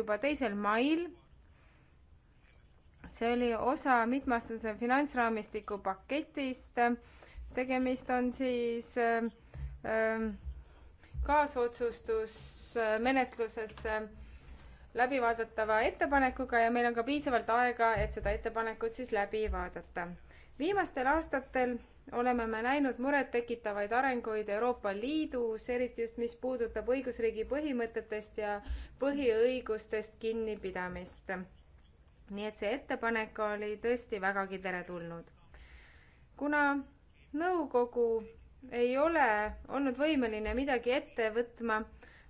juba teisel mail. see oli osa mitmeaastase finantsraamistiku paketist. tegemist on siis ähm, ähm, kaasotsustusmenetluses läbivaadatava ettepanekuga ja meil on ka piisavalt aega, et seda ettepanekut siis läbi vaadata. viimastel aastatel oleme me näinud murettekitavaid arenguid Euroopa Liidus, eriti just mis puudutab õigusriigi põhimõtetest ja põhiõigustest kinnipidamist. nii et see ettepanek oli tõesti vägagi teretulnud. kuna nõukogu ei ole olnud võimeline midagi ette võtma,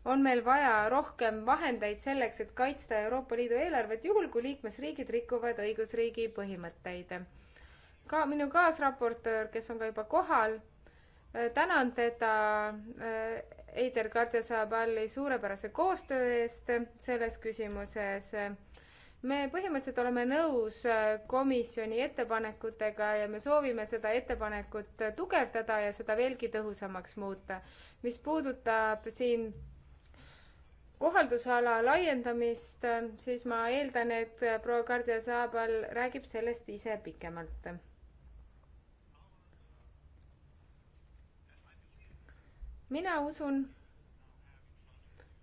on meil vaja rohkem vahendeid selleks, et kaitsta Euroopa Liidu eelarvet, juhul kui liikmesriigid rikuvad õigusriigi põhimõtteid ka minu kaasraportöör, kes on ka juba kohal. Äh, tänan teda äh, Eider Katjasaabali suurepärase koostöö eest selles küsimuses. me põhimõtteliselt oleme nõus äh, komisjoni ettepanekutega ja me soovime seda ettepanekut tugevdada ja seda veelgi tõhusamaks muuta. mis puudutab siin kohaldusala laiendamist, siis ma eeldan, et proua Kardja Saabal räägib sellest ise pikemalt mina usun,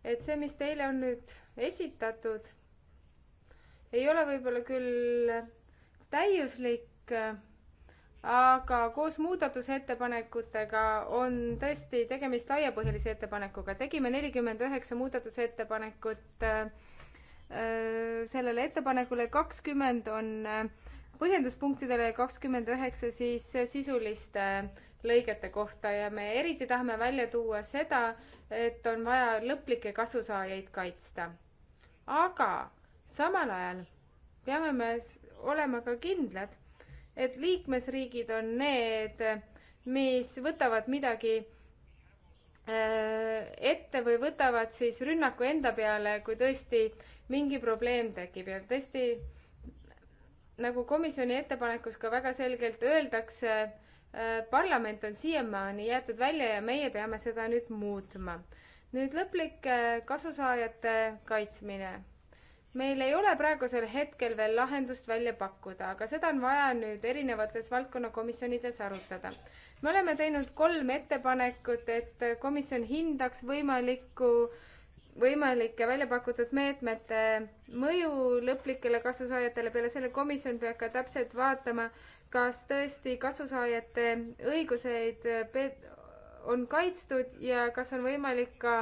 et see, mis teile on nüüd esitatud, ei ole võib-olla küll täiuslik, aga koos muudatusettepanekutega on tõesti tegemist laiapõhjalise ettepanekuga. tegime nelikümmend üheksa muudatusettepanekut äh, sellele ettepanekule, kakskümmend on põhjenduspunktidele ja kakskümmend üheksa siis sisuliste äh, lõigete kohta ja me eriti tahame välja tuua seda, et on vaja lõplikke kasusaajaid kaitsta. aga samal ajal peame me olema ka kindlad, et liikmesriigid on need, mis võtavad midagi äh, ette või võtavad siis rünnaku enda peale, kui tõesti mingi probleem tekib ja tõesti nagu komisjoni ettepanekus ka väga selgelt öeldakse, Äh, parlament on siiamaani jäetud välja ja meie peame seda nüüd muutma. nüüd lõplik äh, kasusaajate kaitsmine. meil ei ole praegusel hetkel veel lahendust välja pakkuda, aga seda on vaja nüüd erinevates valdkonnakomisjonides arutada. me oleme teinud kolm ettepanekut, et komisjon hindaks võimalikku võimalike välja pakutud meetmete mõju lõplikele kasusaajatele, peale selle komisjon peab ka täpselt vaatama, kas tõesti kasusaajate õiguseid on kaitstud ja kas on võimalik ka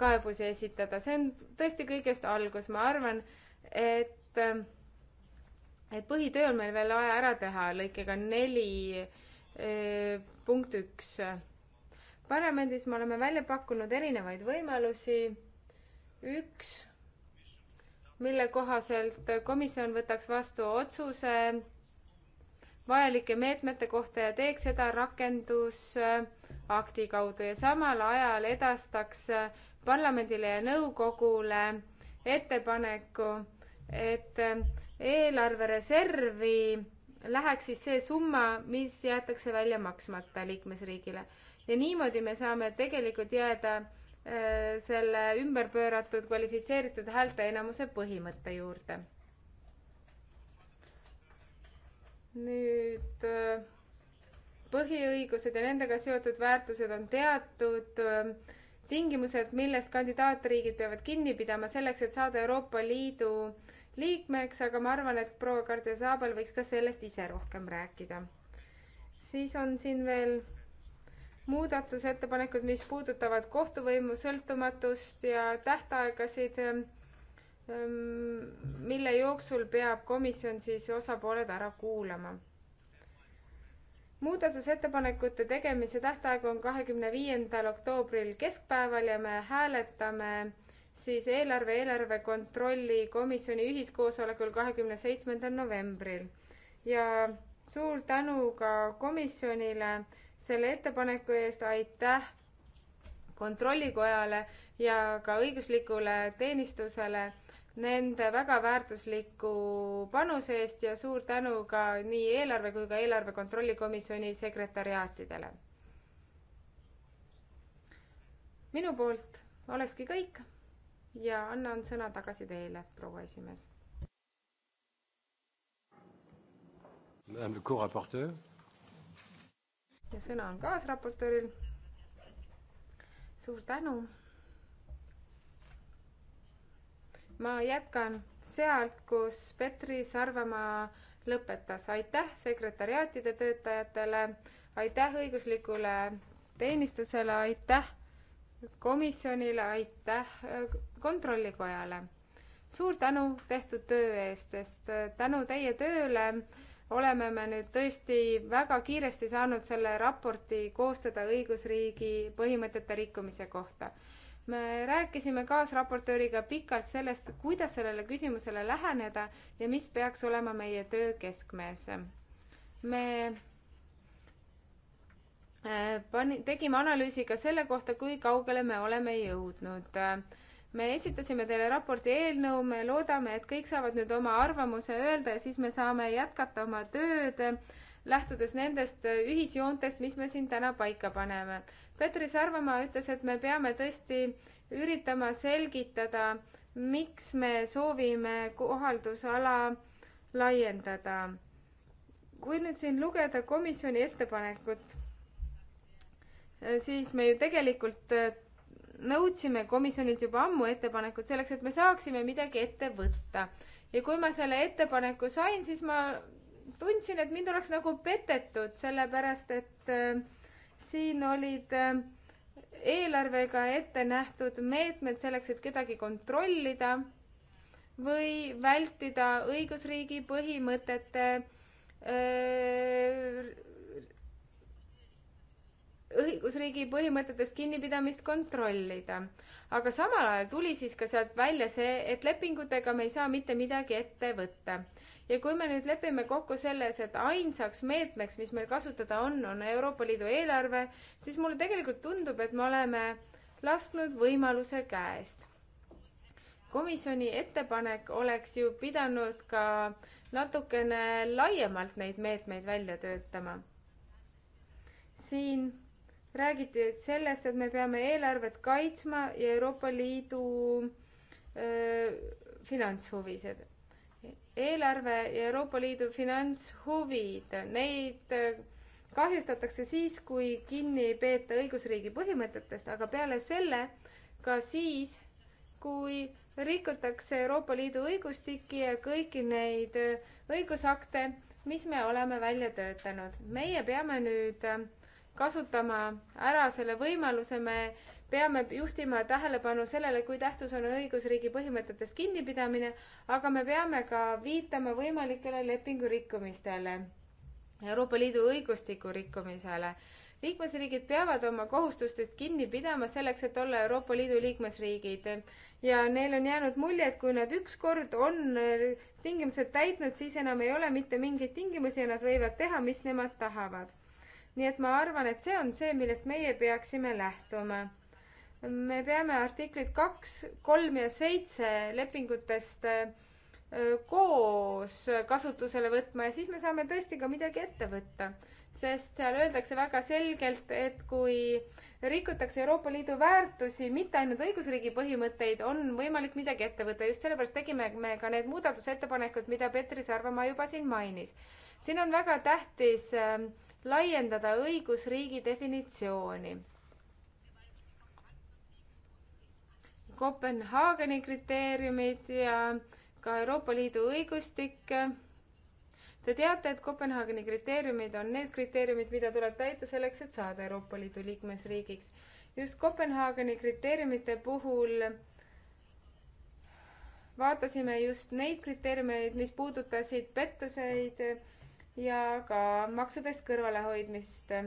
kaebusi esitada. see on tõesti kõigest algus, ma arvan, et, et põhitöö on meil veel vaja ära teha lõikega neli e, punkt üks. parlamendis me oleme välja pakkunud erinevaid võimalusi. üks, mille kohaselt komisjon võtaks vastu otsuse vajalike meetmete kohta ja teeks seda rakendusakti kaudu ja samal ajal edastaks parlamendile ja nõukogule ettepaneku, et eelarvereservi läheks siis see summa, mis jäetakse välja maksmata liikmesriigile. ja niimoodi me saame tegelikult jääda äh, selle ümberpööratud kvalifitseeritud häälteenamuse põhimõtte juurde nüüd äh, põhiõigused ja nendega seotud väärtused on teatud äh, tingimused, millest kandidaatriigid peavad kinni pidama selleks, et saada Euroopa Liidu liikmeks, aga ma arvan, et proua Kardia Saabal võiks ka sellest ise rohkem rääkida. siis on siin veel muudatusettepanekud, mis puudutavad kohtuvõimu sõltumatust ja tähtaegasid Ehm, mille jooksul peab komisjon siis osapooled ära kuulama. muudatusettepanekute tegemise tähtaeg on kahekümne viiendal oktoobril keskpäeval ja me hääletame siis eelarve, eelarve kontrolli komisjoni ühiskoosolekul kahekümne seitsmendal novembril. ja suur tänu ka komisjonile selle ettepaneku eest, aitäh kontrollikojale ja ka õiguslikule teenistusele nende väga väärtusliku panuse eest ja suur tänu ka nii eelarve kui ka eelarve kontrolli komisjoni sekretariaatidele. minu poolt olekski kõik ja annan sõna tagasi teile, proua esimees. ja sõna on kaasraportööril. suur tänu ma jätkan sealt, kus Petri Sarvamaa lõpetas. aitäh sekretäriaatide töötajatele, aitäh õiguslikule teenistusele, aitäh komisjonile, aitäh äh, kontrollikojale. suur tänu tehtud töö eest, sest äh, tänu teie tööle oleme me nüüd tõesti väga kiiresti saanud selle raporti koostada õigusriigi põhimõtete rikkumise kohta me rääkisime kaasraportööriga pikalt sellest, kuidas sellele küsimusele läheneda ja mis peaks olema meie töö keskmes. me äh, pani, tegime analüüsi ka selle kohta, kui kaugele me oleme jõudnud. me esitasime teile raporti eelnõu, me loodame, et kõik saavad nüüd oma arvamuse öelda ja siis me saame jätkata oma tööd, lähtudes nendest ühisjoontest, mis me siin täna paika paneme Petri Sarvamaa ütles, et me peame tõesti üritama selgitada, miks me soovime kohaldusala laiendada. kui nüüd siin lugeda komisjoni ettepanekut, siis me ju tegelikult äh, nõudsime komisjonilt juba ammu ettepanekut selleks, et me saaksime midagi ette võtta. ja kui ma selle ettepaneku sain, siis ma tundsin, et mind oleks nagu petetud, sellepärast et äh, siin olid äh, eelarvega ette nähtud meetmed selleks, et kedagi kontrollida või vältida õigusriigi põhimõtete äh, õigusriigi põhimõtetest kinnipidamist kontrollida. aga samal ajal tuli siis ka sealt välja see, et lepingutega me ei saa mitte midagi ette võtta ja kui me nüüd lepime kokku selles, et ainsaks meetmeks, mis meil kasutada on, on Euroopa Liidu eelarve, siis mulle tegelikult tundub, et me oleme lasknud võimaluse käest. komisjoni ettepanek oleks ju pidanud ka natukene laiemalt neid meetmeid välja töötama. siin räägiti sellest, et me peame eelarvet kaitsma ja Euroopa Liidu öö, finantshuvised eelarve ja Euroopa Liidu finantshuvid, neid äh, kahjustatakse siis, kui kinni ei peeta õigusriigi põhimõtetest, aga peale selle ka siis, kui rikutakse Euroopa Liidu õigustikki ja kõiki neid äh, õigusakte, mis me oleme välja töötanud. meie peame nüüd äh, kasutama ära selle võimaluse, me peame juhtima tähelepanu sellele, kui tähtis on õigusriigi põhimõtetest kinnipidamine, aga me peame ka viitama võimalikele lepingurikkumistele, Euroopa Liidu õigustiku rikkumisele. liikmesriigid peavad oma kohustustest kinni pidama selleks, et olla Euroopa Liidu liikmesriigid ja neil on jäänud mulje, et kui nad ükskord on äh, tingimused täitnud, siis enam ei ole mitte mingeid tingimusi ja nad võivad teha, mis nemad tahavad. nii et ma arvan, et see on see, millest meie peaksime lähtuma me peame artiklid kaks, kolm ja seitse lepingutest äh, koos kasutusele võtma ja siis me saame tõesti ka midagi ette võtta. sest seal öeldakse väga selgelt, et kui rikutakse Euroopa Liidu väärtusi, mitte ainult õigusriigi põhimõtteid, on võimalik midagi ette võtta. just sellepärast tegime me ka need muudatusettepanekud, mida Petri Sarvamaa juba siin mainis. siin on väga tähtis äh, laiendada õigusriigi definitsiooni Kopenhaageni kriteeriumid ja ka Euroopa Liidu õigustik. Te teate, et Kopenhaageni kriteeriumid on need kriteeriumid, mida tuleb täita selleks, et saada Euroopa Liidu liikmesriigiks. just Kopenhaageni kriteeriumite puhul vaatasime just neid kriteeriumeid, mis puudutasid pettuseid ja ka maksudest kõrvalehoidmist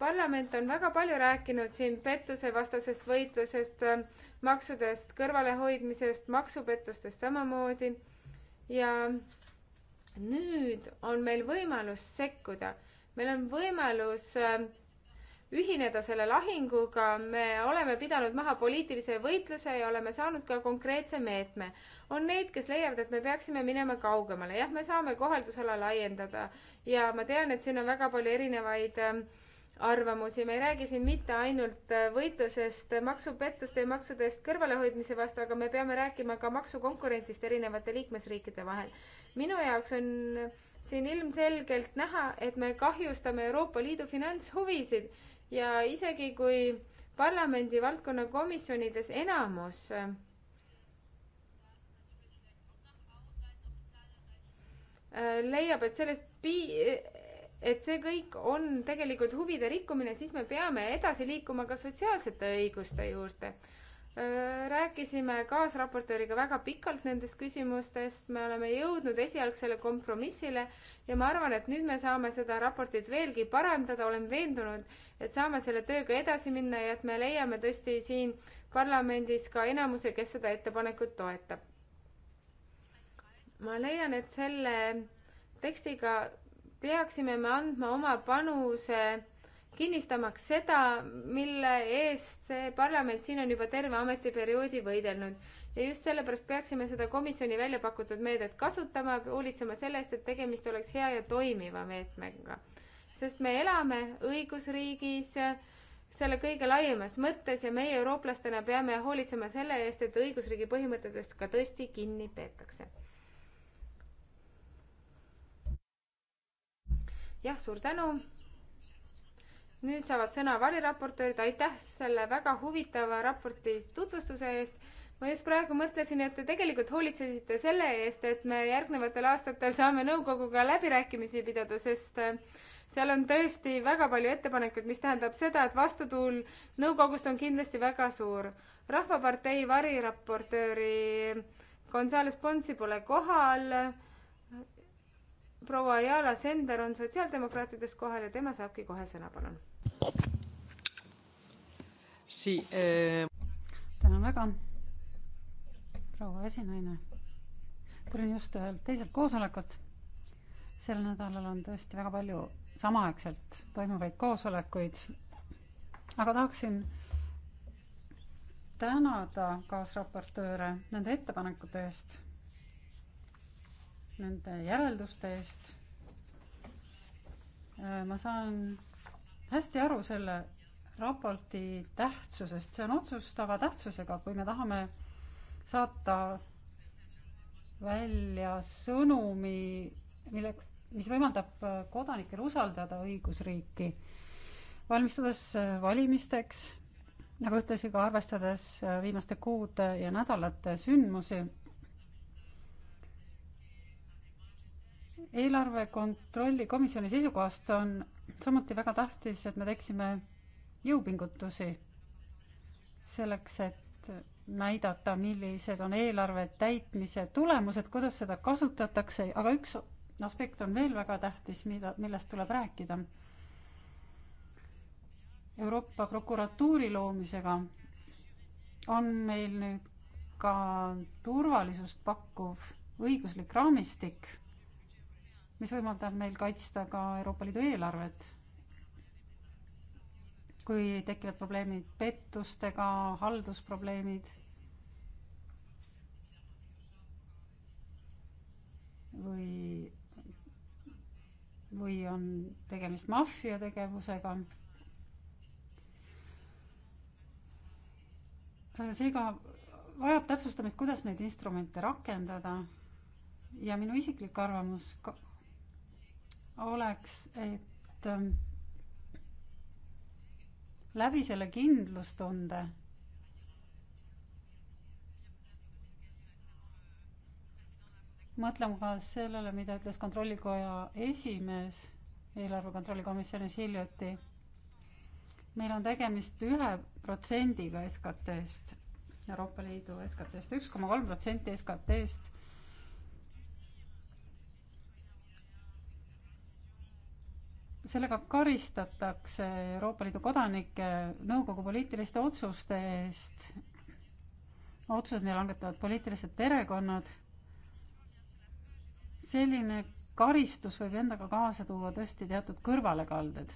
parlament on väga palju rääkinud siin pettusevastasest võitlusest, äh, maksudest kõrvalehoidmisest, maksupettustest samamoodi. ja nüüd on meil võimalus sekkuda, meil on võimalus äh, ühineda selle lahinguga, me oleme pidanud maha poliitilise võitluse ja oleme saanud ka konkreetse meetme. on neid, kes leiavad, et me peaksime minema kaugemale, jah, me saame kohaldusala laiendada ja ma tean, et siin on väga palju erinevaid äh, arvamusi, me ei räägi siin mitte ainult äh, võitlusest äh, maksupettuste ja maksudest kõrvalehoidmise vastu, aga me peame rääkima ka maksukonkurentist erinevate liikmesriikide vahel. minu jaoks on äh, siin ilmselgelt näha, et me kahjustame Euroopa Liidu finantshuvisid ja isegi kui parlamendi valdkonna komisjonides enamus leiab, et sellest pii-, et see kõik on tegelikult huvide rikkumine, siis me peame edasi liikuma ka sotsiaalsete õiguste juurde. rääkisime kaasraportööriga väga pikalt nendest küsimustest, me oleme jõudnud esialgsele kompromissile ja ma arvan, et nüüd me saame seda raportit veelgi parandada, olen veendunud, et saame selle tööga edasi minna ja et me leiame tõesti siin parlamendis ka enamuse, kes seda ettepanekut toetab. ma leian, et selle tekstiga peaksime me andma oma panuse kinnistamaks seda, mille eest see parlament siin on juba terve ametiperioodi võidelnud. ja just sellepärast peaksime seda komisjoni välja pakutud meedet kasutama, hoolitsema selle eest, et tegemist oleks hea ja toimiva meetmega. sest me elame õigusriigis selle kõige laiemas mõttes ja meie eurooplastena peame hoolitsema selle eest, et õigusriigi põhimõtetest ka tõesti kinni peetakse. jah, suur tänu. nüüd saavad sõna variraportöörid, aitäh selle väga huvitava raporti tutvustuse eest. ma just praegu mõtlesin, et te tegelikult hoolitsesite selle eest, et me järgnevatel aastatel saame nõukoguga läbirääkimisi pidada, sest äh, seal on tõesti väga palju ettepanekuid, mis tähendab seda, et vastutuul nõukogust on kindlasti väga suur. rahvapartei variraportööri Gonzales Ponsi pole kohal proua Ayala Sender on sotsiaaldemokraatidest kohal ja tema saabki kohe sõna, palun si,. Eh... tänan väga, proua esinaine. tulin just ühelt teiselt koosolekult. sel nädalal on tõesti väga palju samaaegselt toimuvaid koosolekuid. aga tahaksin tänada kaasraportööre nende ettepanekute eest nende järelduste eest. Äh, ma saan hästi aru selle raporti tähtsusest, see on otsustava tähtsusega, kui me tahame saata välja sõnumi, mille, mis võimaldab äh, kodanikel usaldada õigusriiki, valmistudes äh, valimisteks, nagu ütlesin, ka arvestades viimaste kuude ja nädalate sündmusi eelarve kontrolli komisjoni seisukohast on samuti väga tähtis, et me teeksime jõupingutusi selleks, et näidata, millised on eelarve täitmise tulemused, kuidas seda kasutatakse, aga üks aspekt on veel väga tähtis, mida, millest tuleb rääkida. Euroopa prokuratuuri loomisega on meil nüüd ka turvalisust pakkuv õiguslik raamistik mis võimaldab meil kaitsta ka Euroopa Liidu eelarvet. kui tekivad probleemid pettustega, haldusprobleemid või, või on tegemist maffia tegevusega. seega vajab täpsustamist, kuidas neid instrumente rakendada ja minu isiklik arvamus oleks, et ähm, läbi selle kindlustunde mõtlema ka sellele, mida ütles Kontrollikoja esimees eelarve kontrolli komisjonis hiljuti. meil on tegemist ühe protsendiga SKT-st, Euroopa Liidu SKT-st, üks koma kolm protsenti SKT-st sellega karistatakse Euroopa Liidu kodanike nõukogu poliitiliste otsuste eest, otsused, mida langetavad poliitilised perekonnad. selline karistus võib endaga kaasa tuua tõesti teatud kõrvalekalded.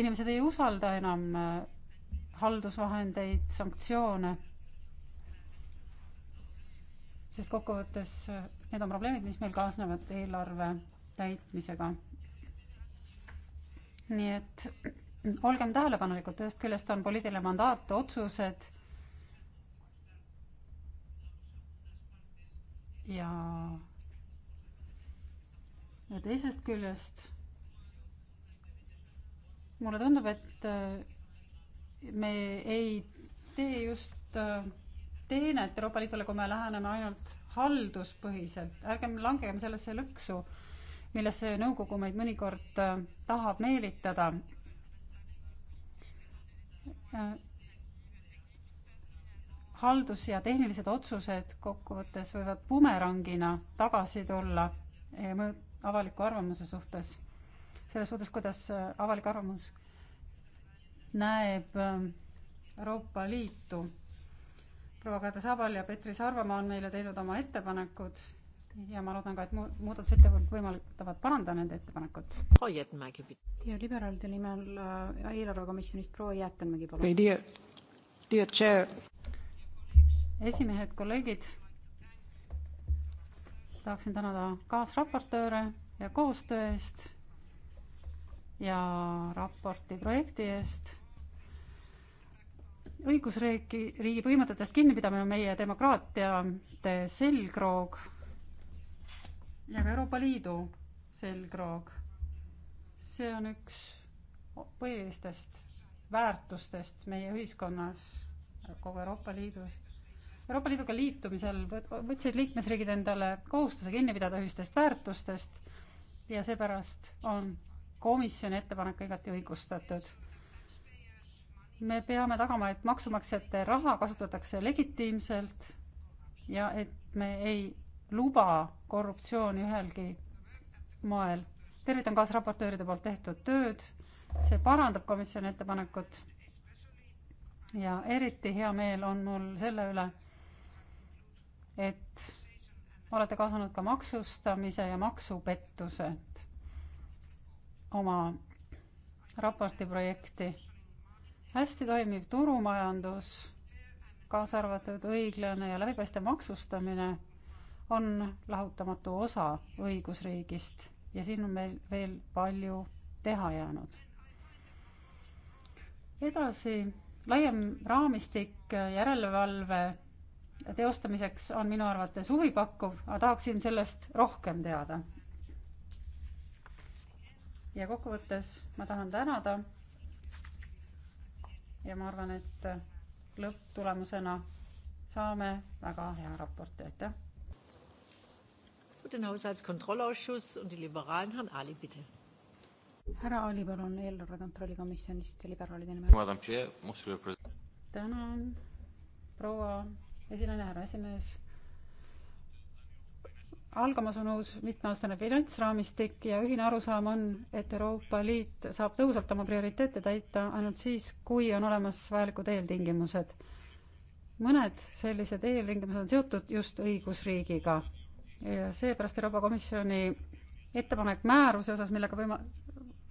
inimesed ei usalda enam äh, haldusvahendeid, sanktsioone, sest kokkuvõttes äh, Need on probleemid, mis meil kaasnevad eelarve täitmisega. nii et olgem tähelepanelikud, ühest küljest on poliitiline mandaat, otsused ja ja teisest küljest mulle tundub, et äh, me ei tee just äh, teenet Euroopa Liidule, kui me läheneme ainult halduspõhiselt, ärgem langegem sellesse lõksu, millesse nõukogu meid mõnikord äh, tahab meelitada äh,. haldus- ja tehnilised otsused kokkuvõttes võivad bumerangina tagasi tulla äh, avaliku arvamuse suhtes, selles suhtes, kuidas äh, avalik arvamus näeb äh, Euroopa Liitu proua Kadri Sabal ja Petri Sarvamaa on meile teinud oma ettepanekud ja ma loodan ka, et mu-, muudatusettepanekud võimaldavad parandada nende ettepanekut. ja liberaalide nimel äh, eelarvekomisjonist proua Jäätenmägi, palun. esimehed, kolleegid, tahaksin tänada kaasraportööre ja koostöö eest ja raporti projekti eest õigusriiki, riigi põhimõtetest kinnipidamine on meie demokraatiate selgroog ja ka Euroopa Liidu selgroog. see on üks põhilistest väärtustest meie ühiskonnas, kogu Euroopa Liidus. Euroopa Liiduga liitumisel võtsid liikmesriigid endale kohustuse kinni pidada ühistest väärtustest ja seepärast on komisjoni ettepanek igati õigustatud me peame tagama, et maksumaksjate raha kasutatakse legitiimselt ja et me ei luba korruptsiooni ühelgi moel. tervitan kaasraportööride poolt tehtud tööd, see parandab komisjoni ettepanekut. ja eriti hea meel on mul selle üle, et olete kaasanud ka maksustamise ja maksupettused oma raporti projekti hästi toimiv turumajandus, kaasa arvatud õiglane ja läbipaistev maksustamine, on lahutamatu osa õigusriigist ja siin on meil veel palju teha jäänud. edasi, laiem raamistik järelevalve teostamiseks on minu arvates huvipakkuv, aga tahaksin sellest rohkem teada. ja kokkuvõttes ma tahan tänada ja ma arvan, et äh, lõpptulemusena saame väga hea raporti, aitäh. Den Haushaltskontrollausschuss und die Liberalen Herrn Ali, bitte. härra Ali, palun eelarve kontrolli komisjonist ja liberaalide nimel. tänan, proua esinaine, härra esimees algamas on uus mitmeaastane finantsraamistik ja ühine arusaam on, et Euroopa Liit saab tõhusalt oma prioriteete täita ainult siis, kui on olemas vajalikud eeltingimused. mõned sellised eeltingimused on seotud just õigusriigiga ja seepärast Euroopa Komisjoni ettepanek määruse osas, millega võima-,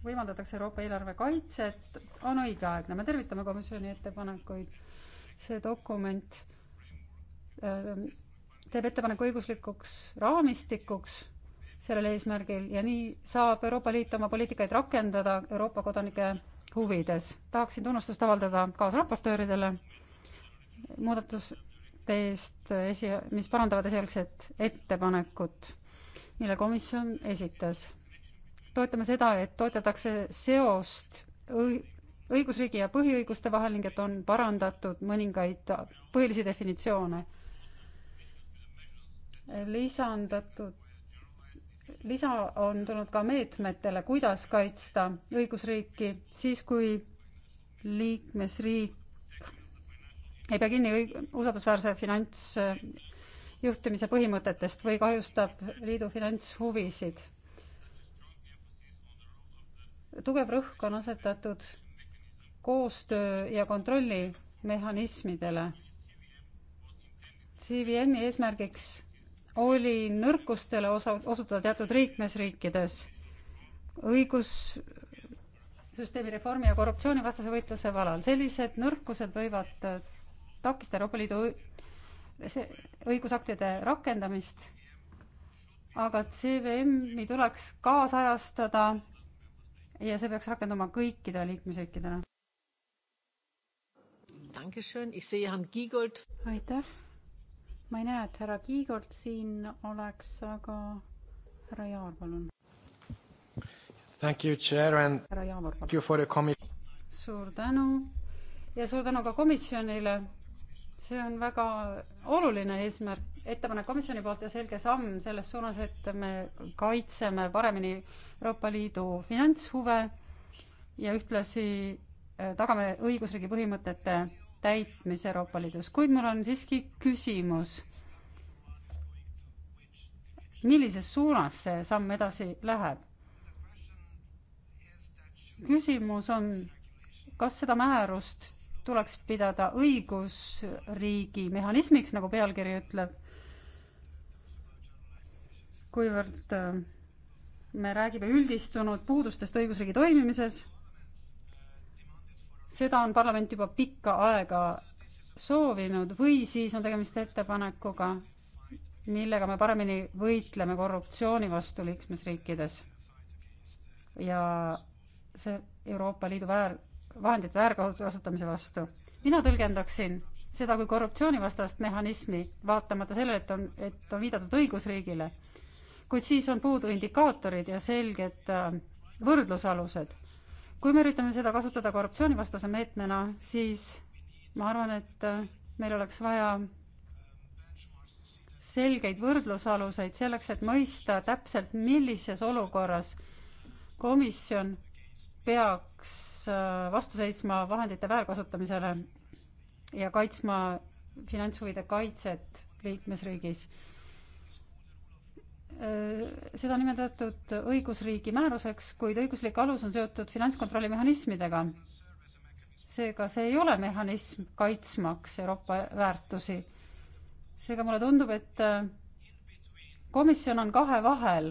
võimaldatakse Euroopa eelarve kaitset, on õigeaegne, me tervitame komisjoni ettepanekuid, see dokument öö, ähm, teeb ettepaneku õiguslikuks raamistikuks sellel eesmärgil ja nii saab Euroopa Liit oma poliitikaid rakendada Euroopa kodanike huvides. tahaksin tunnustust avaldada kaasraportööridele muudatuste eest, esi, mis parandavad esialgset ettepanekut, mille komisjon esitas. toetame seda, et toetatakse seost õigusriigi ja põhiõiguste vahel ning et on parandatud mõningaid põhilisi definitsioone lisandatud, lisa on tulnud ka meetmetele, kuidas kaitsta õigusriiki siis, kui liikmesriik ei pea kinni usaldusväärse finantsjuhtimise äh, põhimõtetest või kahjustab liidu finantshuvisid. tugev rõhk on asetatud koostöö ja kontrolli mehhanismidele. CVM-i eesmärgiks oli nõrkustele osa, osutada teatud liikmesriikides õigussüsteemi reformi ja korruptsioonivastase võitluse valal. sellised nõrkused võivad takistada Euroopa Liidu õigusaktide rakendamist, aga CVM-i tuleks kaasajastada ja see peaks rakenduma kõikidele liikmesriikidele. aitäh ma ei näe, et härra Kiigolt siin oleks, aga härra Jaar, palun. Thank you, chair and härra Jaavur, palun. Thank you for the committee. suur tänu ja suur tänu ka komisjonile. see on väga oluline eesmärk, ettepanek komisjoni poolt ja selge samm selles suunas, et me kaitseme paremini Euroopa Liidu finantshuve ja ühtlasi eh, tagame õigusriigi põhimõtete täitmise Euroopa Liidus, kuid mul on siiski küsimus. millises suunas see samm edasi läheb? küsimus on, kas seda määrust tuleks pidada õigusriigi mehhanismiks, nagu pealkiri ütleb, kuivõrd äh, me räägime üldistunud puudustest õigusriigi toimimises seda on parlament juba pikka aega soovinud või siis on tegemist ettepanekuga, millega me paremini võitleme korruptsiooni vastu liikmesriikides. ja see Euroopa Liidu väär, vahendite väärkasutamise vastu. mina tõlgendaksin seda kui korruptsioonivastast mehhanismi, vaatamata sellele, et on, et on viidatud õigusriigile. kuid siis on puudu indikaatorid ja selged äh, võrdlusalused kui me üritame seda kasutada korruptsioonivastase meetmena, siis ma arvan, et äh, meil oleks vaja selgeid võrdlusaluseid selleks, et mõista täpselt, millises olukorras komisjon peaks äh, vastu seisma vahendite väärkasutamisele ja kaitsma finantshuvide kaitset liikmesriigis Äh, seda on nimetatud õigusriigi määruseks, kuid õiguslik alus on seotud finantskontrolli mehhanismidega. seega see ei ole mehhanism kaitsmaks Euroopa väärtusi. seega mulle tundub, et äh, komisjon on kahe vahel,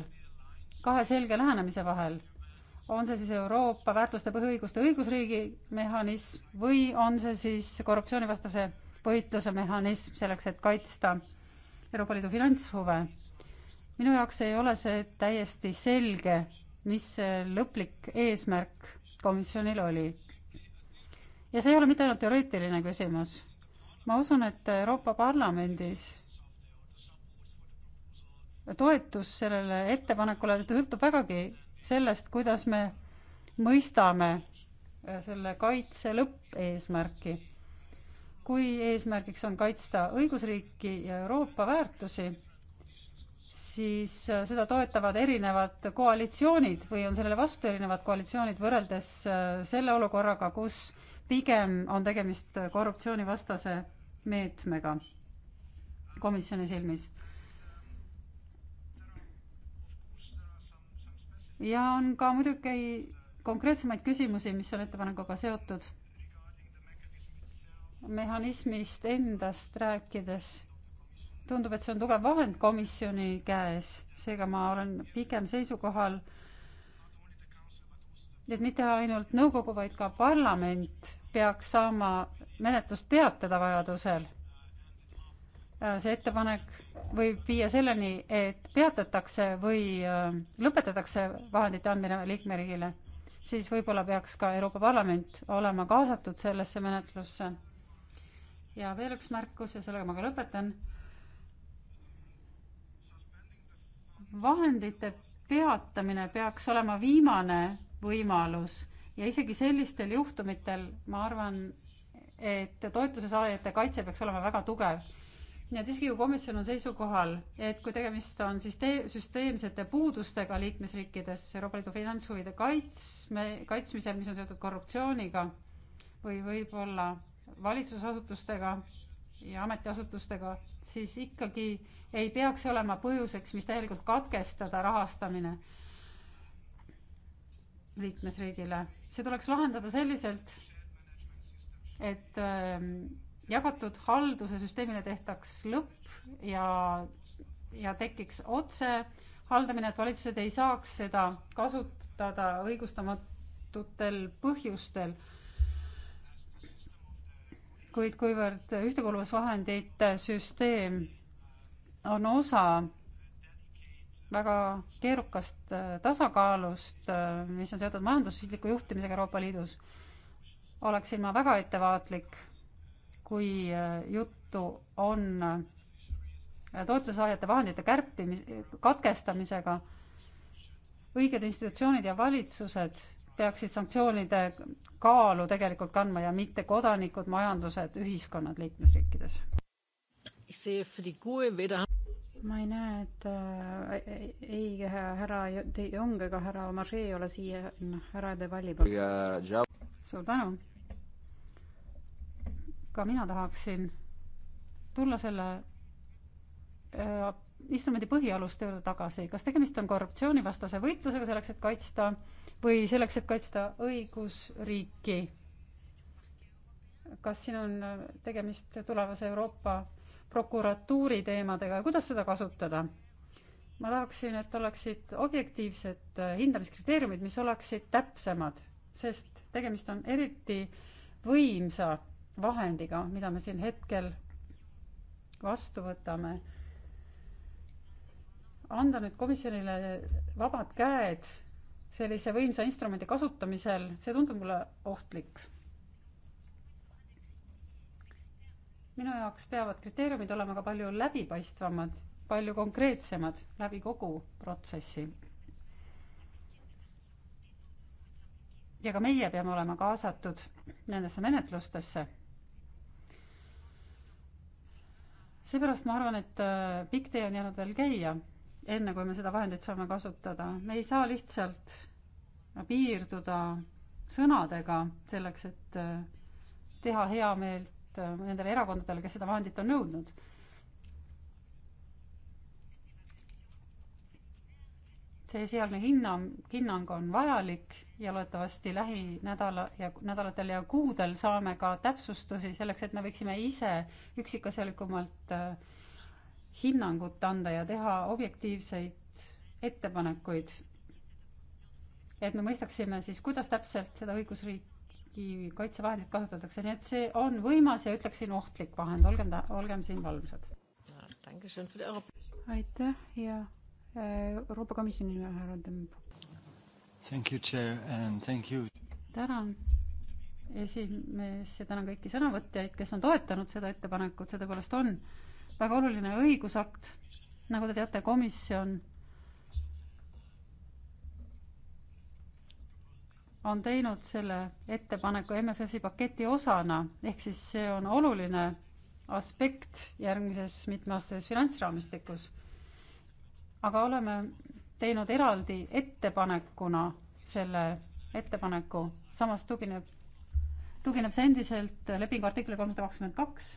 kahe selge lähenemise vahel. on see siis Euroopa väärtuste põhiõiguste õigusriigi mehhanism või on see siis korruptsioonivastase võitluse mehhanism selleks, et kaitsta Euroopa Liidu finantshuve minu jaoks ei ole see täiesti selge, mis see lõplik eesmärk komisjonil oli. ja see ei ole mitte ainult teoreetiline küsimus. ma usun, et Euroopa Parlamendis toetus sellele ettepanekule sõltub vägagi sellest, kuidas me mõistame äh, selle kaitse lõppeesmärki. kui eesmärgiks on kaitsta õigusriiki ja Euroopa väärtusi siis äh, seda toetavad erinevad koalitsioonid või on sellele vastu erinevad koalitsioonid võrreldes äh, selle olukorraga, kus pigem on tegemist äh, korruptsioonivastase meetmega komisjoni silmis. ja on ka muidugi konkreetsemaid küsimusi, mis on ettepanekuga seotud. mehhanismist endast rääkides tundub, et see on tugev vahend komisjoni käes, seega ma olen pigem seisukohal, et mitte ainult nõukogu, vaid ka parlament peaks saama menetlust peatada vajadusel. Äh, see ettepanek võib viia selleni, et peatatakse või äh, lõpetatakse vahendite andmine liikmeriigile, siis võib-olla peaks ka Euroopa Parlament olema kaasatud sellesse menetlusse. ja veel üks märkus ja sellega ma ka lõpetan vahendite peatamine peaks olema viimane võimalus ja isegi sellistel juhtumitel ma arvan, et toetuse saajate kaitse peaks olema väga tugev. nii et isegi kui komisjon on seisukohal, et kui tegemist on siis süsteemsete puudustega liikmesriikides Euroopa Liidu finantshuvide kaitsme, kaitsmisel, mis on seotud korruptsiooniga või võib-olla valitsusasutustega ja ametiasutustega, siis ikkagi äh, ei peaks olema põhjuseks, mis täielikult katkestada rahastamine liikmesriigile. see tuleks lahendada selliselt, et ähm, jagatud halduse süsteemile tehtaks lõpp ja, ja tekiks otse haldamine, et valitsused ei saaks seda kasutada õigustamatutel põhjustel. kuid kuivõrd ühtekuuluvusvahendite süsteem on osa väga keerukast äh, tasakaalust, äh, mis on seotud majandusliku juhtimisega Euroopa Liidus, oleksin ma väga ettevaatlik, kui äh, juttu on toetusesaajate vahendite kärpimis-, katkestamisega. õiged institutsioonid ja valitsused peaksid sanktsioonide kaalu tegelikult kandma ja mitte kodanikud, majandused, ühiskonnad liikmesriikides ma ei näe, et äh, ei härra De Jong ega härra Omažee ei ole siia, härra De Valli poolt. suur tänu. ka mina tahaksin tulla selle äh, instrumendi põhialuste juurde tagasi. kas tegemist on korruptsioonivastase võitlusega selleks, et kaitsta või selleks, et kaitsta õigusriiki? kas siin on tegemist tulevase Euroopa prokuratuuri teemadega ja kuidas seda kasutada? ma tahaksin, et oleksid objektiivsed äh, hindamiskriteeriumid, mis oleksid täpsemad, sest tegemist on eriti võimsa vahendiga, mida me siin hetkel vastu võtame. anda nüüd komisjonile vabad käed sellise võimsa instrumendi kasutamisel, see tundub mulle ohtlik minu jaoks peavad kriteeriumid olema ka palju läbipaistvamad, palju konkreetsemad läbi kogu protsessi. ja ka meie peame olema kaasatud nendesse menetlustesse. seepärast ma arvan, et äh, pikk tee on jäänud veel käia, enne kui me seda vahendit saame kasutada. me ei saa lihtsalt piirduda sõnadega selleks, et äh, teha heameelt eest äh, nendele erakondadele, kes seda vahendit on nõudnud. see esialgne hinnang, hinnang on vajalik ja loodetavasti lähinädala ja nädalatel ja kuudel saame ka täpsustusi selleks, et me võiksime ise üksikasjalikumalt äh, hinnangut anda ja teha objektiivseid ettepanekuid et me mõistaksime siis, kuidas täpselt seda õigusriik siiski kaitsevahendit kasutatakse, nii et see on võimas ja ütleksin ohtlik vahend, olgem, olgem siin valmsad. aitäh ja äh, Euroopa Komisjoni nimel härra Tõmb. tänan, esimees ja tänan kõiki sõnavõtjaid, kes on toetanud seda ettepanekut, see tõepoolest on väga oluline õigusakt, nagu te teate, komisjon on teinud selle ettepaneku MFF-i paketi osana, ehk siis see on oluline aspekt järgmises mitmeaastases finantsraamistikus. aga oleme teinud eraldi ettepanekuna selle ettepaneku, samas tugineb, tugineb see endiselt lepingu artikli kolmsada kakskümmend kaks,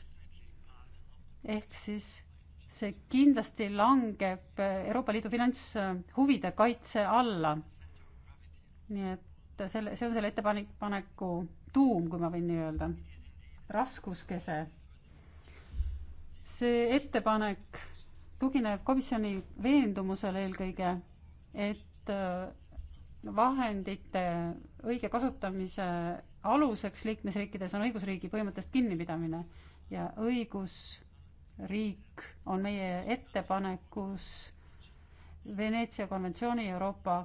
ehk siis see kindlasti langeb Euroopa Liidu finantshuvide kaitse alla. nii et selle, see on selle ettepaneku tuum, kui ma võin nii öelda, raskuskese. see ettepanek tugineb komisjoni veendumusele eelkõige, et äh, vahendite õige kasutamise aluseks liikmesriikides on õigusriigi põhimõttest kinnipidamine ja õigusriik on meie ettepanekus Veneetsia konventsiooni Euroopa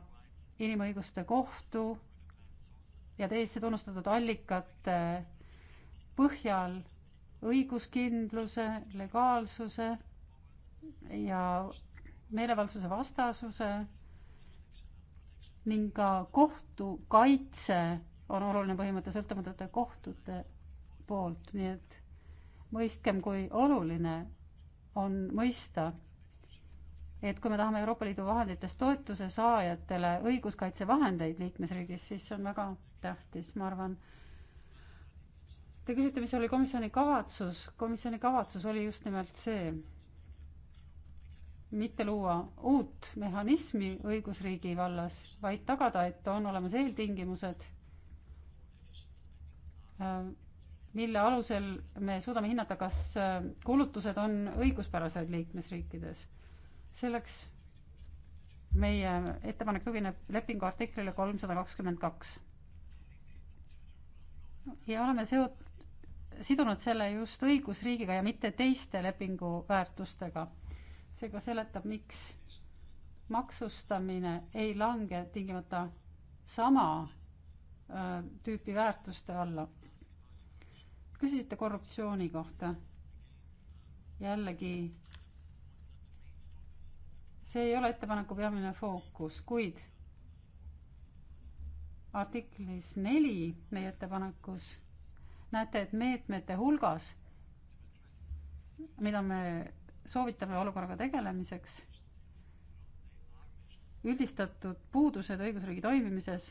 Inimõiguste Kohtu ja teiste tunnustatud allikate põhjal õiguskindluse, legaalsuse ja meelevaldsuse vastasuse ning ka kohtukaitse on oluline põhimõte sõltumatute kohtute poolt, nii et mõistkem, kui oluline on mõista, et kui me tahame Euroopa Liidu vahenditest toetuse saajatele õiguskaitsevahendeid liikmesriigis, siis see on väga tähtis, ma arvan. Te küsite, mis oli komisjoni kavatsus. komisjoni kavatsus oli just nimelt see, mitte luua uut mehhanismi õigusriigi vallas, vaid tagada, et on olemas eeltingimused, mille alusel me suudame hinnata, kas äh, kulutused on õiguspärased liikmesriikides. selleks meie ettepanek tugineb lepingu artiklile kolmsada kakskümmend kaks ja oleme seot-, sidunud selle just õigusriigiga ja mitte teiste lepingu väärtustega. seega seletab, miks maksustamine ei lange tingimata sama öö, äh, tüüpi väärtuste alla. küsisite korruptsiooni kohta. jällegi, see ei ole ettepaneku peamine fookus, kuid artiklis neli meie ettepanekus näete, et meetmete hulgas, mida me soovitame olukorraga tegelemiseks, üldistatud puudused õigusriigi toimimises,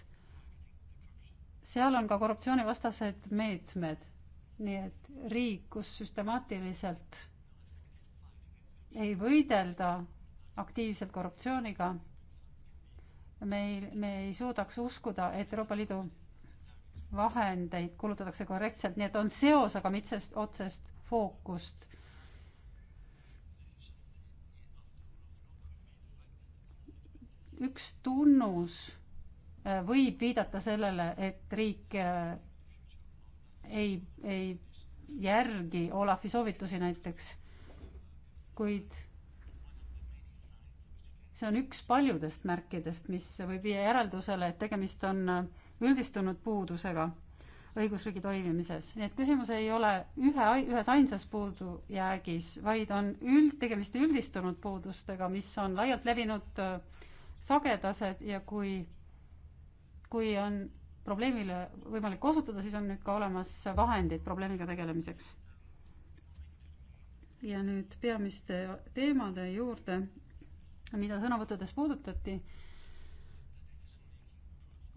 seal on ka korruptsioonivastased meetmed, nii et riik, kus süstemaatiliselt ei võidelda aktiivselt korruptsiooniga meil, me ei suudaks uskuda, et Euroopa Liidu vahendeid kulutatakse korrektselt, nii et on seos, aga mitte otsest fookust. üks tunnus äh, võib viidata sellele, et riik äh, ei, ei järgi Olavi soovitusi näiteks, kuid see on üks paljudest märkidest, mis võib viia järeldusele, et tegemist on äh, üldistunud puudusega õigusriigi toimimises. nii et küsimus ei ole ühe, ühes ainsas puudujäägis, vaid on üld, tegemist üldistunud puudustega, mis on laialt levinud äh, sagedased ja kui, kui on probleemile võimalik osutuda, siis on nüüd ka olemas vahendid probleemiga tegelemiseks. ja nüüd peamiste teemade juurde mida sõnavõttudes puudutati,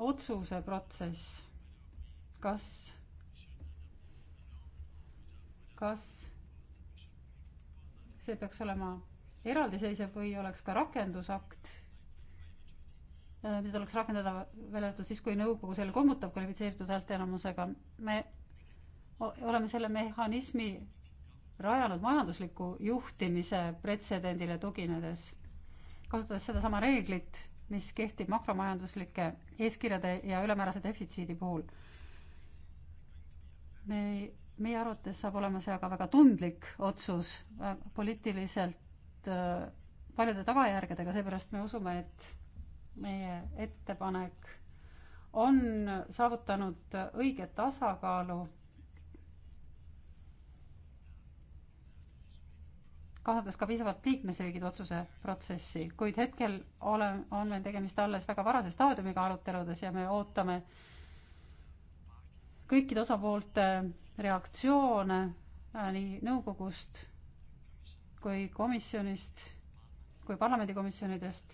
otsuse protsess, kas, kas see peaks olema eraldiseisev või oleks ka rakendusakt, äh, mida tuleks rakendada välja arvatud siis, kui nõukogu selle kommutab kvalifitseeritud häälteenamusega. me oleme selle mehhanismi rajanud majandusliku juhtimise pretsedendile tuginedes kasutades sedasama reeglit, mis kehtib makromajanduslike eeskirjade ja ülemäärase defitsiidi puhul. me, meie arvates saab olema see aga väga tundlik otsus poliitiliselt äh, paljude tagajärgedega, seepärast me usume, et meie ettepanek on saavutanud õige tasakaalu kaasates ka piisavalt liikmesriigid otsuse protsessi, kuid hetkel ole, on meil tegemist alles väga varase staadiumiga aruteludes ja me ootame kõikide osapoolte reaktsioone äh, nii nõukogust kui komisjonist kui parlamendikomisjonidest.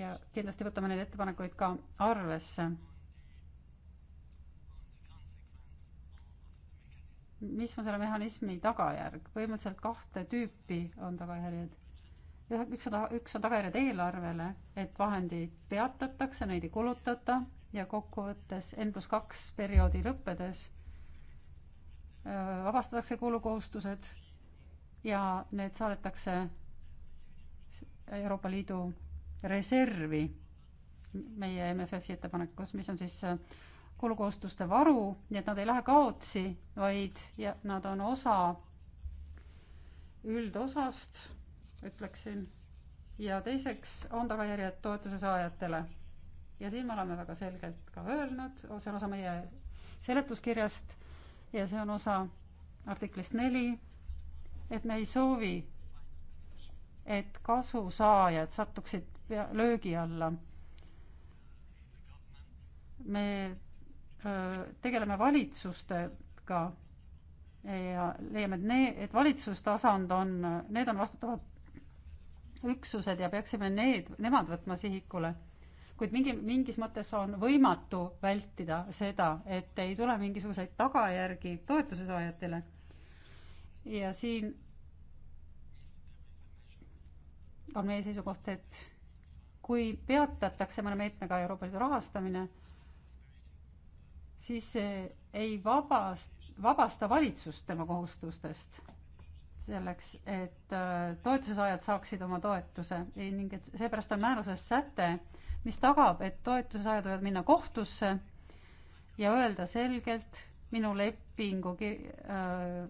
ja kindlasti võtame neid ettepanekuid ka arvesse mis on selle mehhanismi tagajärg? põhimõtteliselt kahte tüüpi on tagajärjed. üks on, üks on tagajärjed eelarvele, et vahendid peatatakse, neid ei kulutata ja kokkuvõttes N pluss kaks perioodi lõppedes vabastatakse kulukohustused ja need saadetakse Euroopa Liidu reservi meie MFF-i ettepanekus, mis on siis kulukohustuste varu, nii et nad ei lähe kaotsi, vaid ja nad on osa üldosast, ütleksin, ja teiseks on tagajärjed toetuse saajatele. ja siin me oleme väga selgelt ka öelnud, see on osa meie seletuskirjast ja see on osa artiklist neli, et me ei soovi, et kasusaajad satuksid pea, löögi alla me tegeleme valitsustega ja leiame, et need, et valitsustasand on, need on vastutavad üksused ja peaksime need, nemad võtma sihikule. kuid mingi, mingis mõttes on võimatu vältida seda, et ei tule mingisuguseid tagajärgi toetuse saajatele. ja siin on meie seisukoht, et kui peatatakse mõne meetmega Euroopa Liidu rahastamine, siis see ei vabast, vabasta valitsust tema kohustustest selleks, et äh, toetuse saajad saaksid oma toetuse ning et seepärast on määruses säte, mis tagab, et toetuse saajad võivad minna kohtusse ja öelda selgelt, minu lepingu ki-, äh,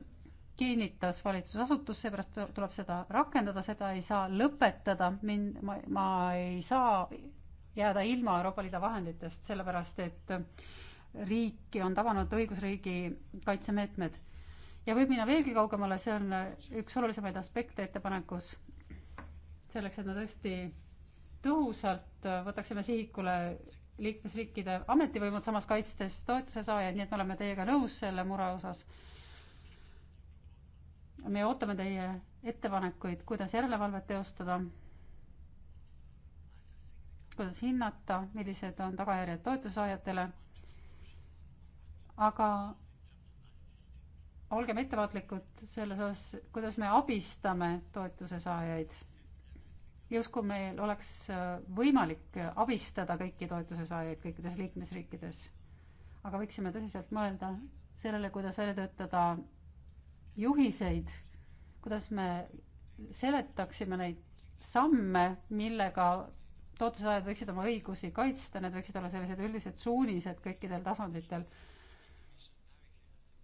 kinnitas valitsusasutus, seepärast tuleb seda rakendada, seda ei saa lõpetada, mind, ma, ma ei saa jääda ilma Euroopa Liidu vahenditest, sellepärast et äh, riiki on tabanud õigusriigi kaitsemeetmed. ja võib minna veelgi kaugemale, see on üks olulisemaid aspekte ettepanekus, selleks, et me tõesti tõhusalt võtaksime sihikule liikmesriikide ametivõimud, samas kaitstes toetuse saajaid, nii et me oleme teiega nõus selle mure osas. me ootame teie ettepanekuid, kuidas järelevalvet teostada, kuidas hinnata, millised on tagajärjed toetuse saajatele aga olgem ettevaatlikud selles osas, kuidas me abistame toetuse saajaid. justkui meil oleks äh, võimalik abistada kõiki toetuse saajaid kõikides liikmesriikides. aga võiksime tõsiselt mõelda sellele, kuidas välja töötada juhiseid, kuidas me seletaksime neid samme, millega toetuse saajad võiksid oma õigusi kaitsta, need võiksid olla sellised üldised suunised kõikidel tasanditel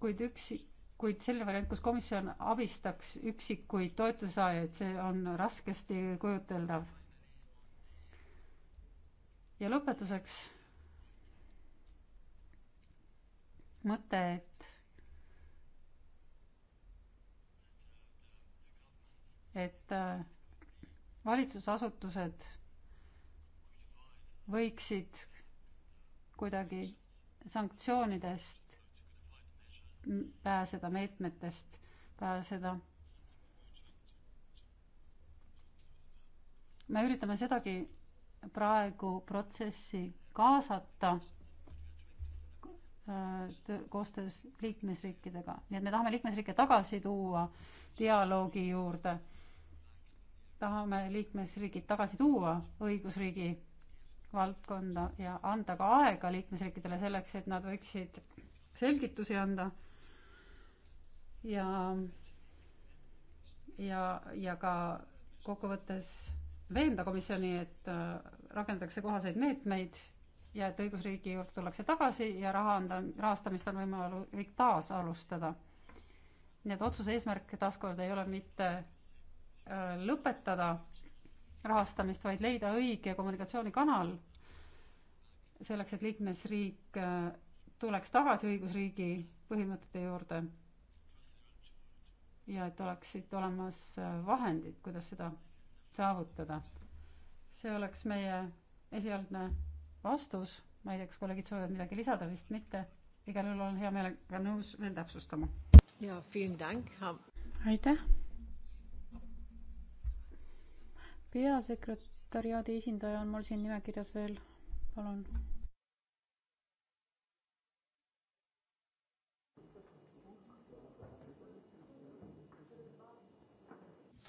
kuid üksi, kuid selle variant, kus komisjon abistaks üksikuid toetusaajaid, see on raskesti kujuteldav. ja lõpetuseks mõte, et et äh, valitsusasutused võiksid kuidagi sanktsioonidest pääseda, meetmetest pääseda. me üritame sedagi praegu protsessi kaasata äh, koostöös liikmesriikidega, nii et me tahame liikmesriike tagasi tuua dialoogi juurde. tahame liikmesriigid tagasi tuua õigusriigi valdkonda ja anda ka aega liikmesriikidele selleks, et nad võiksid selgitusi anda ja, ja, ja ka kokkuvõttes veenda komisjoni, et äh, rakendatakse kohaseid meetmeid ja et õigusriigi juurde tullakse tagasi ja rahanda, rahastamist on võimalik taas alustada. nii et otsuse eesmärk taaskord ei ole mitte äh, lõpetada rahastamist, vaid leida õige kommunikatsioonikanal selleks, et liikmesriik äh, tuleks tagasi õigusriigi põhimõtete juurde ja et oleksid olemas äh, vahendid, kuidas seda saavutada. see oleks meie esialgne vastus, ma ei tea, kas kolleegid soovivad midagi lisada, vist mitte. igal juhul olen hea meelega nõus veel täpsustama. ja, aitäh. peasekretäriaadi esindaja on mul siin nimekirjas veel, palun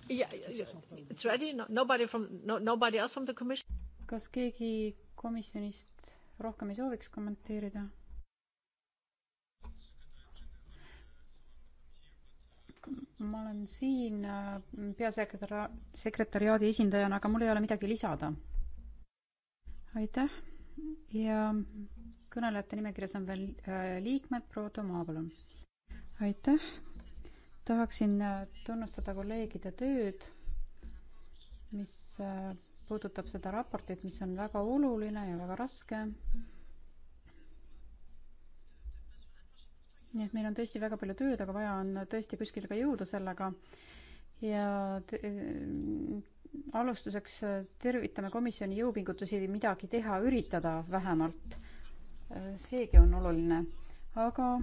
Yeah, yeah, it's ready. No, nobody from, no, nobody else from the commission. kas keegi komisjonist rohkem ei sooviks kommenteerida? ma olen siin äh, peasekretär, sekretäriaadi esindajana, aga mul ei ole midagi lisada. aitäh ja kõnelejate nimekirjas on veel äh, liikmed, proua Tomaa, palun. aitäh tahaksin äh, tunnustada kolleegide tööd, mis äh, puudutab seda raportit, mis on väga oluline ja väga raske. nii et meil on tõesti väga palju tööd, aga vaja on tõesti kuskile ka jõuda sellega ja. ja alustuseks äh, tervitame komisjoni jõupingutusi midagi teha, üritada vähemalt. seegi on oluline, aga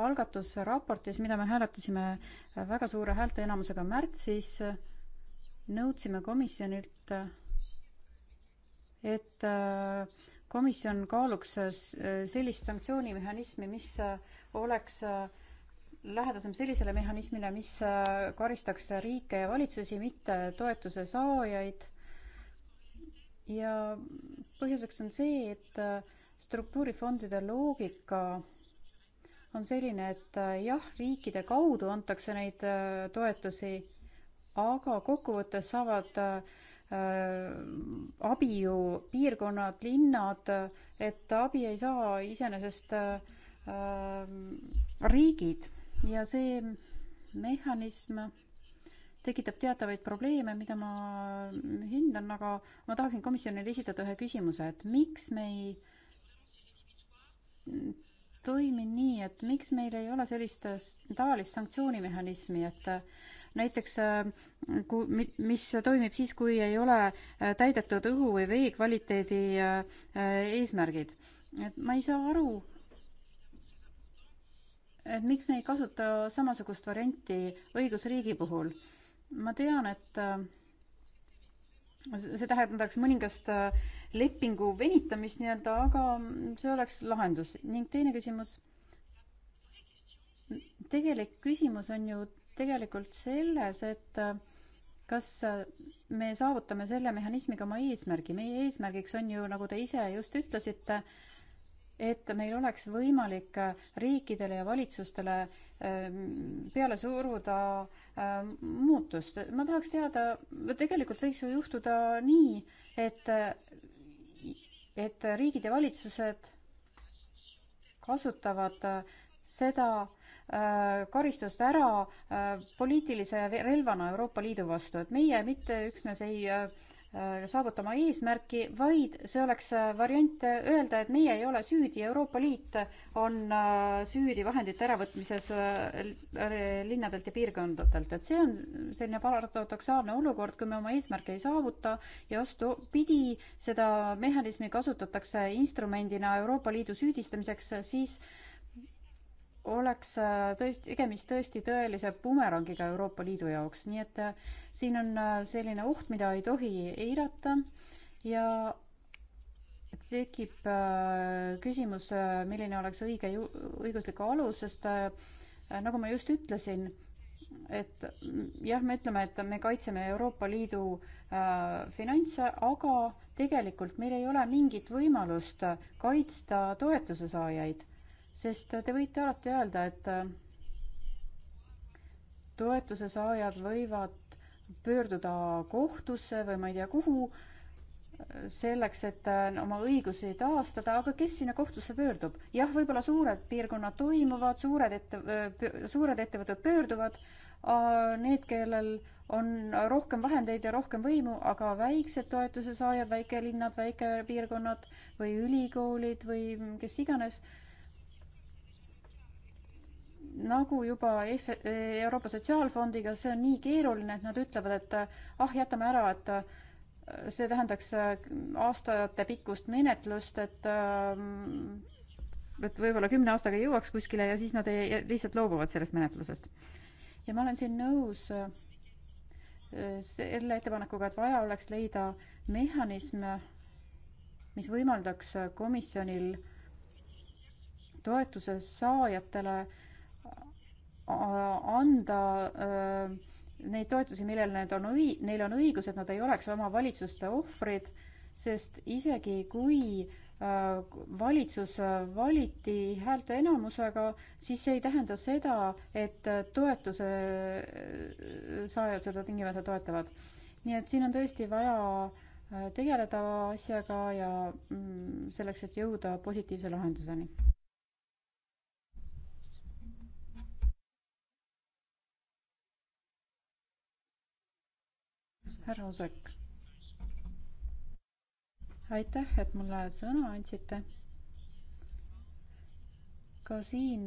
algatusraportis, mida me hääletasime väga suure häälteenamusega märtsis, nõudsime komisjonilt, et äh, komisjon kaaluks äh, sellist sanktsioonimehhanismi, mis äh, oleks lähedasem sellisele mehhanismile, mis karistaks riike ja valitsusi, mitte toetuse saajaid. ja põhjuseks on see, et struktuurifondide loogika on selline, et äh, jah, riikide kaudu antakse neid äh, toetusi, aga kokkuvõttes saavad äh, abi ju piirkonnad, linnad, et abi ei saa iseenesest riigid ja see mehhanism tekitab teatavaid probleeme, mida ma hindan, aga ma tahaksin komisjonile esitada ühe küsimuse, et miks me ei toimi nii, et miks meil ei ole sellist äh, tavalist sanktsioonimehhanismi, et äh, näiteks äh, kui, mis toimib siis, kui ei ole täidetud õhu või vee kvaliteedi eesmärgid. et ma ei saa aru, et miks me ei kasuta samasugust varianti õigusriigi puhul. ma tean, et see tähendaks mõningast äh, lepingu venitamist nii-öelda, aga see oleks lahendus. ning teine küsimus. tegelik küsimus on ju tegelikult selles, et äh, kas me saavutame selle mehhanismiga oma eesmärgi. meie eesmärgiks on ju, nagu te ise just ütlesite, et meil oleks võimalik äh, riikidele ja valitsustele äh, peale suruda muutust. ma tahaks teada, tegelikult võiks ju juhtuda nii, et et riigid ja valitsused kasutavad äh, seda äh, karistust ära äh, poliitilise relvana Euroopa Liidu vastu, et meie mitte üksnes ei Äh, saavutama eesmärki, vaid see oleks äh, variant äh, öelda, et meie ei ole süüdi, Euroopa Liit on süüdi vahendite äravõtmises linnadelt ja piirkondadelt, et see on selline paradoksaalne olukord, kui me oma eesmärke ei saavuta ja vastupidi, seda mehhanismi kasutatakse instrumendina Euroopa Liidu süüdistamiseks, siis oleks äh, tõesti, tegemist tõesti tõelise bumerangiga Euroopa Liidu jaoks, nii et äh, siin on äh, selline oht, mida ei tohi eirata ja tekib küsimus, milline oleks õige ju-, õiguslik alus, sest nagu ma just ütlesin, et mm, jah, me ütleme, et me kaitseme Euroopa Liidu äh, finantse, aga tegelikult meil ei ole mingit võimalust kaitsta toetuse saajaid sest te võite alati öelda, et äh, toetuse saajad võivad pöörduda kohtusse või ma ei tea kuhu, äh, selleks, et äh, oma õigusi taastada, aga kes sinna kohtusse pöördub? jah, võib-olla suured piirkonnad toimuvad, suured ette, suured ettevõtted pöörduvad, need, kellel on rohkem vahendeid ja rohkem võimu, aga väiksed toetuse saajad, väikelinnad, väikepiirkonnad või ülikoolid või kes iganes nagu juba Euroopa Sotsiaalfondiga, see on nii keeruline, et nad ütlevad, et ah, jätame ära, et äh, see tähendaks äh, aastate pikkust menetlust, et äh, et võib-olla kümne aastaga jõuaks kuskile ja siis nad ei, lihtsalt loobuvad sellest menetlusest. ja ma olen siin nõus selle ettepanekuga, et vaja oleks leida mehhanism, mis võimaldaks komisjonil toetuse saajatele äh, anda neid toetusi, millel need on õi-, neil on õigus, et nad ei oleks omavalitsuste ohvrid, sest isegi kui valitsus valiti häälte enamusega, siis see ei tähenda seda, et toetuse saajad seda tingimata toetavad. nii et siin on tõesti vaja tegeleda asjaga ja mm, selleks, et jõuda positiivse lahenduseni härra Osek. aitäh, et mulle sõna andsite. ka siin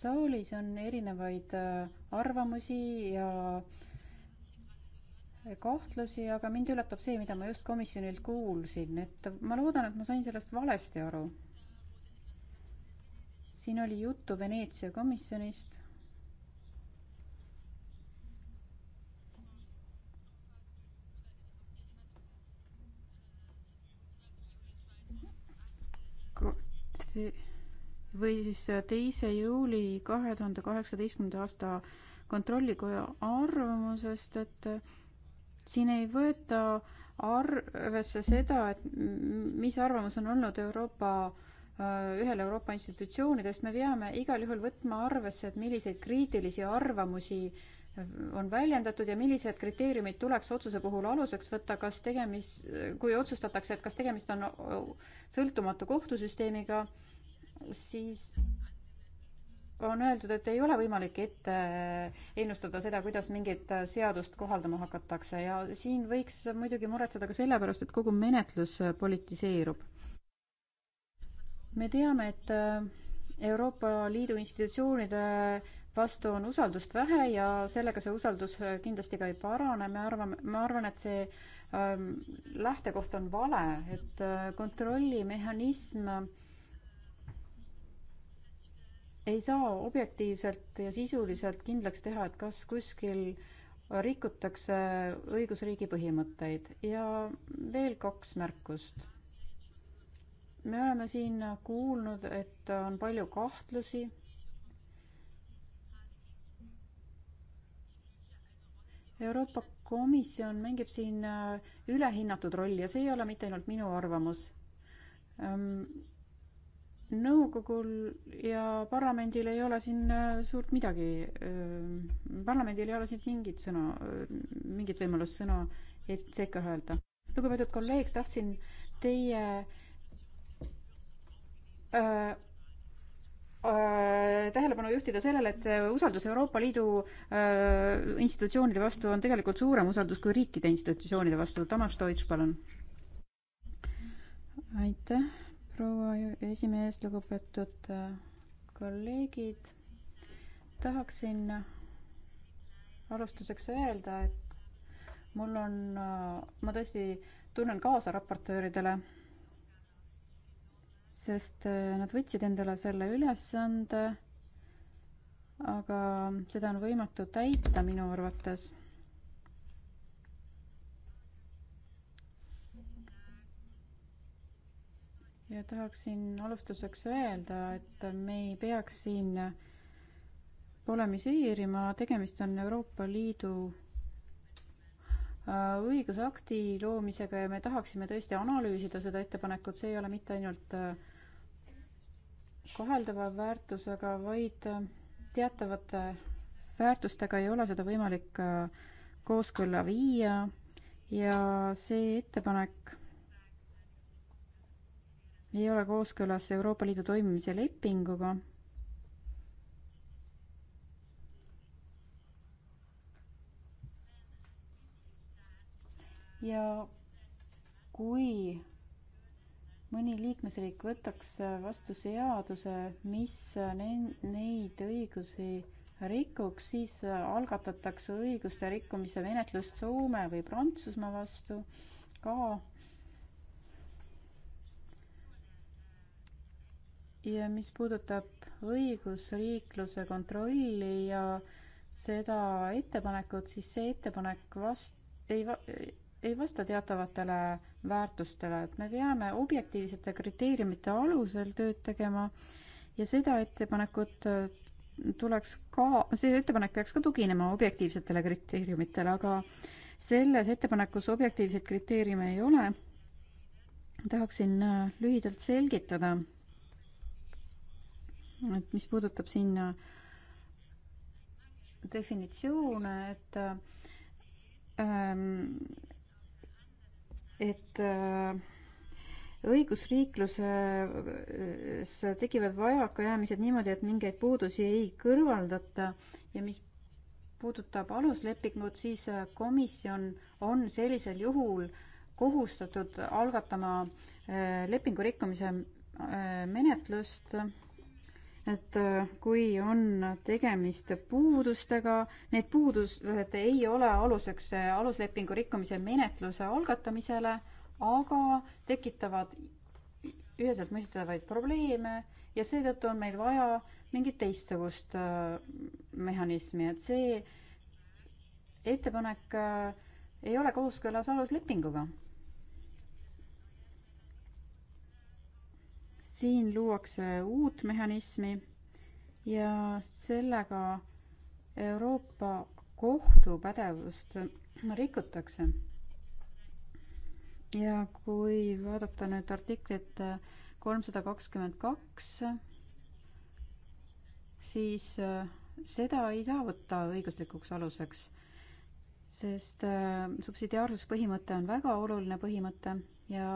saalis on erinevaid äh, arvamusi ja äh, kahtlusi, aga mind üllatab see, mida ma just komisjonilt kuulsin, et ma loodan, et ma sain sellest valesti aru. siin oli juttu Veneetsia komisjonist või siis äh, teise juuli kahe tuhande kaheksateistkümnenda aasta kontrollikoja arvamusest, et äh, siin ei võeta arvesse seda, et mis arvamus on olnud Euroopa äh, ühel Euroopa institutsioonidest, me peame igal juhul võtma arvesse, et milliseid kriitilisi arvamusi on väljendatud ja millised kriteeriumid tuleks otsuse puhul aluseks võtta, kas tegemist, kui otsustatakse, et kas tegemist on sõltumatu kohtusüsteemiga siis on öeldud, et ei ole võimalik ette ennustada seda, kuidas mingit seadust kohaldama hakatakse ja siin võiks muidugi muretseda ka sellepärast, et kogu menetlus politiseerub. me teame, et äh, Euroopa Liidu institutsioonide vastu on usaldust vähe ja sellega see usaldus äh, kindlasti ka ei parane, me arvame, ma arvan, et see ähm, lähtekoht on vale, et äh, kontrollimehhanism äh, ei saa objektiivselt ja sisuliselt kindlaks teha, et kas kuskil rikutakse õigusriigi põhimõtteid ja veel kaks märkust. me oleme siin kuulnud, et on palju kahtlusi. Euroopa Komisjon mängib siin ülehinnatud rolli ja see ei ole mitte ainult minu arvamus ehm, nõukogul ja parlamendil ei ole siin äh, suurt midagi, äh, parlamendil ei ole siin mingit sõna, äh, mingit võimalust sõna et sekka öelda. lugupeetud kolleeg, tahtsin teie äh, äh, tähelepanu juhtida sellele, et usaldus Euroopa Liidu äh, institutsioonide vastu on tegelikult suurem usaldus kui riikide institutsioonide vastu. Tamas Deutsch, palun. aitäh proua esimees, lugupeetud äh, kolleegid. tahaksin alustuseks öelda, et mul on, äh, ma tõesti tunnen kaasa raportööridele, sest äh, nad võtsid endale selle ülesande, aga seda on võimatu täita minu arvates ja tahaksin alustuseks öelda, et me ei peaks siin polemiseerima, tegemist on Euroopa Liidu äh, õigusakti loomisega ja me tahaksime tõesti analüüsida seda ettepanekut, see ei ole mitte ainult äh, kaheldava väärtusega, vaid äh, teatavate väärtustega ei ole seda võimalik kooskõlla viia ja see ettepanek ei ole kooskõlas Euroopa Liidu toimimise lepinguga. ja kui mõni liikmesriik võtaks vastu seaduse, mis neid õigusi rikuks, siis algatatakse õiguste rikkumise menetlust Soome või Prantsusmaa vastu ka ja mis puudutab õigusriikluse kontrolli ja seda ettepanekut, siis see ettepanek vast-, ei va-, ei vasta teatavatele väärtustele, et me peame objektiivsete kriteeriumite alusel tööd tegema ja seda ettepanekut äh, tuleks ka, see ettepanek peaks ka tuginema objektiivsetele kriteeriumitele, aga selles ettepanekus objektiivseid kriteeriume ei ole. tahaksin äh, lühidalt selgitada et mis puudutab siin äh, definitsioone, et ähm, et äh, õigusriikluses tekivad vajakajäämised niimoodi, et mingeid puudusi ei kõrvaldata ja mis puudutab aluslepingut, siis äh, komisjon on sellisel juhul kohustatud algatama äh, lepingu rikkumise menetlust et äh, kui on tegemist puudustega, need puudused ei ole aluseks äh, aluslepingu rikkumise menetluse algatamisele, aga tekitavad üheselt mõistetavaid probleeme ja seetõttu on meil vaja mingit teistsugust äh, mehhanismi, et see ettepanek ei ole kooskõlas aluslepinguga siin luuakse uut mehhanismi ja sellega Euroopa kohtu pädevust rikutakse. ja kui vaadata nüüd artiklit kolmsada kakskümmend kaks, siis äh, seda ei saa võtta õiguslikuks aluseks, sest äh, subsidiaarsuspõhimõte on väga oluline põhimõte ja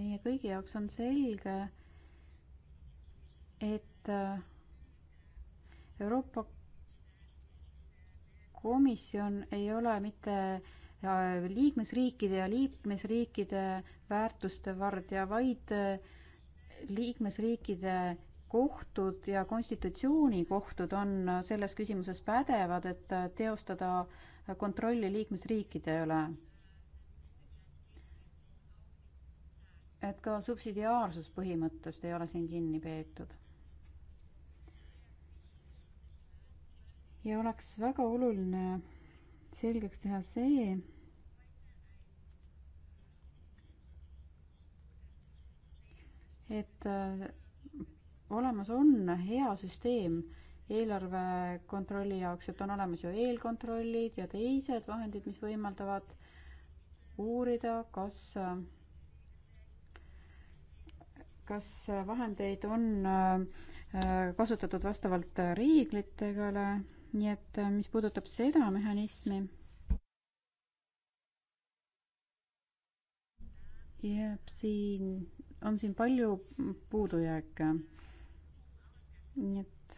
meie kõigi jaoks on selge, et äh, Euroopa Komisjon ei ole mitte äh, liikmesriikide ja liikmesriikide väärtuste vardja, vaid äh, liikmesriikide kohtud ja konstitutsioonikohtud on selles küsimuses pädevad, et teostada kontrolli liikmesriikide üle. et ka subsidiaarsuspõhimõttest ei ole siin kinni peetud ja oleks väga oluline selgeks teha see, et äh, olemas on hea süsteem eelarve kontrolli jaoks, et on olemas ju eelkontrollid ja teised vahendid, mis võimaldavad uurida, kas, kas vahendeid on äh, kasutatud vastavalt reeglitele nii et äh, mis puudutab seda mehhanismi jah, siin on siin palju puudujääke. nii et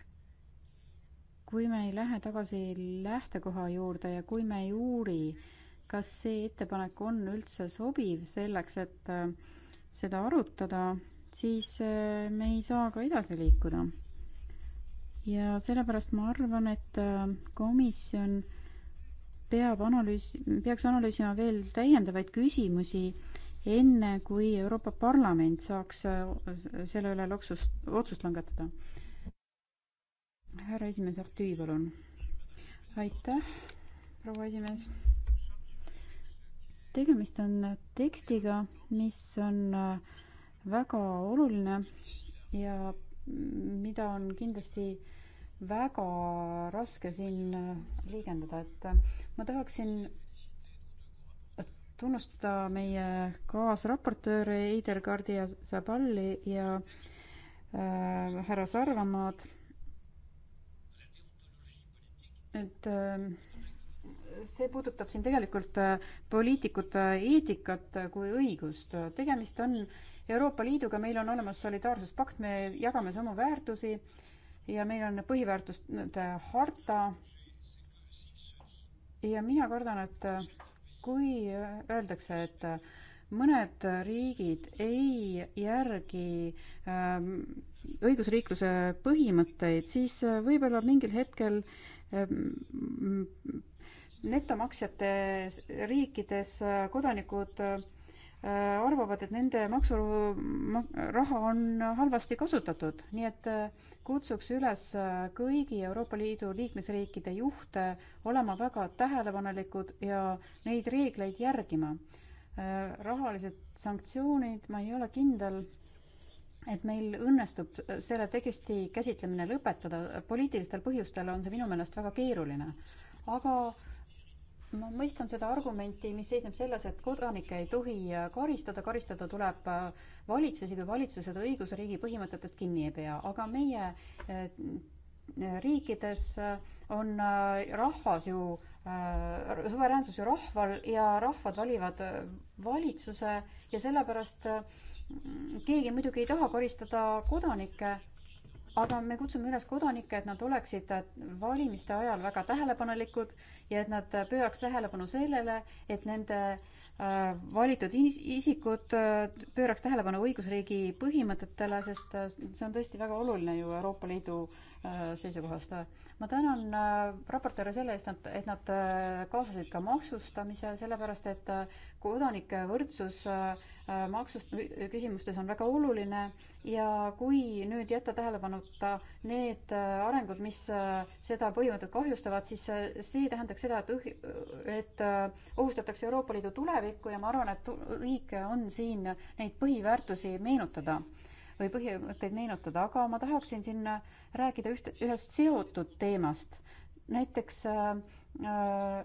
kui me ei lähe tagasi lähtekoha juurde ja kui me ei uuri, kas see ettepanek on üldse sobiv selleks, et äh, seda arutada, siis äh, me ei saa ka edasi liikuda ja sellepärast ma arvan, et äh, komisjon peab analüüs, peaks analüüsima veel täiendavaid küsimusi, enne kui Euroopa Parlament saaks äh, selle üle loksust, otsust langetada. härra esimees Artüi, palun. aitäh, proua esimees. tegemist on tekstiga, mis on äh, väga oluline ja mida on kindlasti äh, väga raske siin äh, liigendada, et äh, ma tahaksin tunnustada meie kaasraportööre Eider Kardi ja Zaballi ja äh, härra Sarvamaad. et äh, see puudutab siin tegelikult äh, poliitikute eetikat kui õigust, tegemist on Euroopa Liiduga, meil on olemas solidaarsuspakt, me jagame samu väärtusi äh, ja meil on põhiväärtuste harta. ja mina kardan, et kui öeldakse, et mõned riigid ei järgi ähm, õigusriikluse põhimõtteid, siis võib-olla mingil hetkel ähm, netomaksjate riikides kodanikud äh, Äh, arvavad, et nende maksuraha on halvasti kasutatud, nii et äh, kutsuks üles äh, kõigi Euroopa Liidu liikmesriikide juhte olema väga tähelepanelikud ja neid reegleid järgima. rahalised sanktsioonid, ma ei ole kindel, et meil õnnestub selle teksti käsitlemine lõpetada, poliitilistel põhjustel on see minu meelest väga keeruline, aga äh, ma mõistan seda argumenti, mis seisneb selles, et kodanikke ei tohi äh, karistada, karistada tuleb äh, valitsusi, kui valitsused õigusriigi põhimõtetest kinni ei pea, aga meie äh, riikides on rahvas ju, suveräänsus ju rahval ja rahvad valivad valitsuse ja sellepärast keegi muidugi ei taha karistada kodanikke aga me kutsume üles kodanikke, et nad oleksid valimiste ajal väga tähelepanelikud ja et nad pööraks tähelepanu sellele, et nende Äh, valitud isikud äh, pööraks tähelepanu õigusriigi põhimõtetele, sest äh, see on tõesti väga oluline ju Euroopa Liidu seisukohast. ma tänan raportööre selle eest, et nad kaasasid ka maksustamise, sellepärast et kodanike võrdsus maksust, küsimustes on väga oluline ja kui nüüd jätta tähelepanuta need arengud, mis seda põhimõtet kahjustavad, siis see tähendaks seda, et õh-, et ohustatakse Euroopa Liidu tulevikku, tulevikku ja ma arvan, et õige on siin neid põhiväärtusi meenutada või põhimõtteid meenutada, aga ma tahaksin siin rääkida üht, ühest seotud teemast. näiteks äh, äh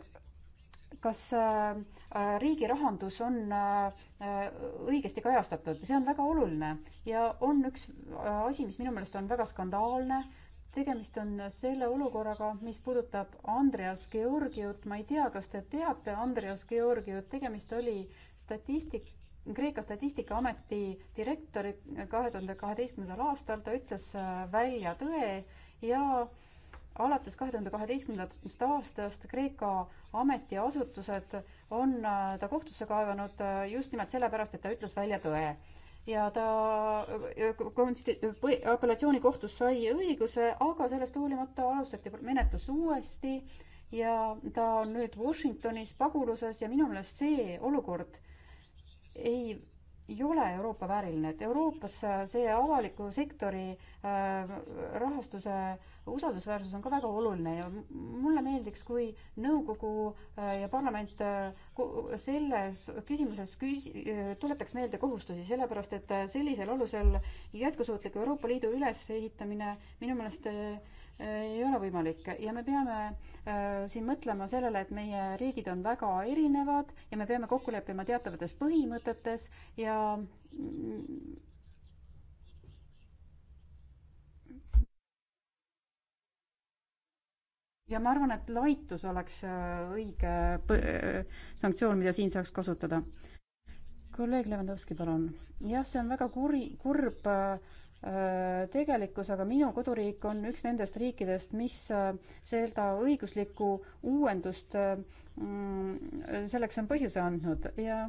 kas äh, riigi rahandus on äh, õigesti kajastatud, see on väga oluline ja on üks äh, asi, mis minu meelest on väga skandaalne äh,, tegemist on selle olukorraga, mis puudutab Andreas Georgiut, ma ei tea, kas te teate Andreas Georgiut, tegemist oli statistik, Kreeka statistikaameti direktori kahe tuhande kaheteistkümnendal aastal, ta ütles äh, välja tõe ja alates kahe tuhande kaheteistkümnendast aastast Kreeka ametiasutused on äh, ta kohtusse kaevanud äh, just nimelt sellepärast, et ta ütles välja tõe ja ta konsti-, apellatsioonikohtus sai õiguse, aga sellest hoolimata alustati menetlus uuesti ja ta on nüüd Washingtonis paguluses ja minu meelest see olukord ei ei ole Euroopa vääriline, et Euroopas äh, see avaliku sektori äh, rahastuse usaldusväärsus on ka väga oluline ja mulle meeldiks, kui nõukogu äh, ja parlament selles küsimuses küs-, tuletaks meelde kohustusi, sellepärast et sellisel alusel jätkusuutliku Euroopa Liidu ülesehitamine minu meelest ei ole võimalik ja me peame äh, siin mõtlema sellele, et meie riigid on väga erinevad ja me peame kokku leppima teatavates põhimõtetes ja mm, ja ma arvan, et laitus oleks äh, õige äh, sanktsioon, mida siin saaks kasutada. kolleeg Levandovski, palun. jah, see on väga kuri, kurb äh, Äh, tegelikkus, aga minu koduriik on üks nendest riikidest, mis äh, seda õiguslikku uuendust äh, mm, selleks on põhjuse andnud ja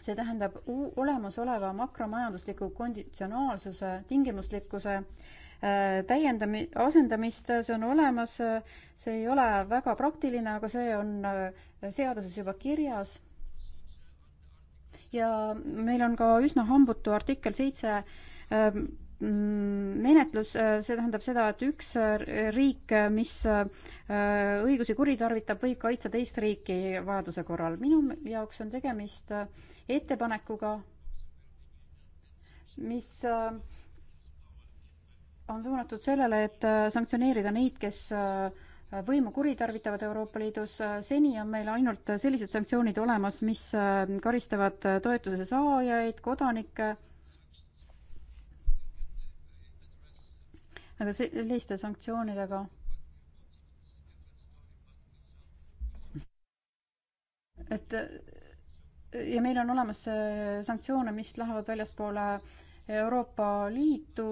see tähendab olemasoleva makromajandusliku konditsionaalsuse tingimuslikkuse täiendami-, asendamist, see on olemas, see ei ole väga praktiline, aga see on seaduses juba kirjas ja meil on ka üsna hambutu artikkel seitse Äh, mm, menetlus, äh, see tähendab seda, et üks äh, riik, mis õigusi kuritarvitab, võib kaitsta teist riiki vajaduse korral. minu jaoks on tegemist ettepanekuga, mis on suunatud sellele, et sanktsioneerida neid, kes võimu kuritarvitavad Euroopa Liidus. seni on meil ainult sellised sanktsioonid olemas, mis karistavad toetuse saajaid, kodanikke aga selliste sanktsioonidega et ja meil on olemas äh, sanktsioone, mis lähevad väljaspoole Euroopa Liitu,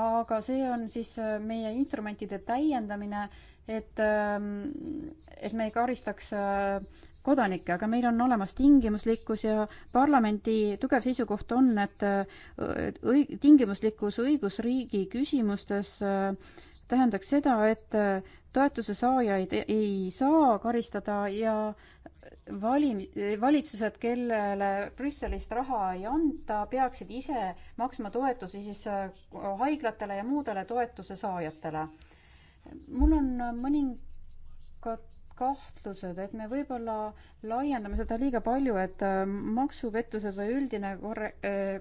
aga see on siis äh, meie instrumentide täiendamine, et, ähm, et me ei karistaks äh, kodanikke, aga meil on olemas tingimuslikkus ja parlamendi tugev seisukoht on, et õi-, tingimuslikkus õigusriigi küsimustes äh, tähendaks seda, et äh, toetuse saajaid ei, ei saa karistada ja valim-, valitsused, kellele Brüsselist raha ei anta, peaksid ise maksma toetusi siis äh, haiglatele ja muudele toetuse saajatele. mul on mõningad kahtlused, et me võib-olla laiendame seda liiga palju, et äh, maksupettused või üldine korre-, äh,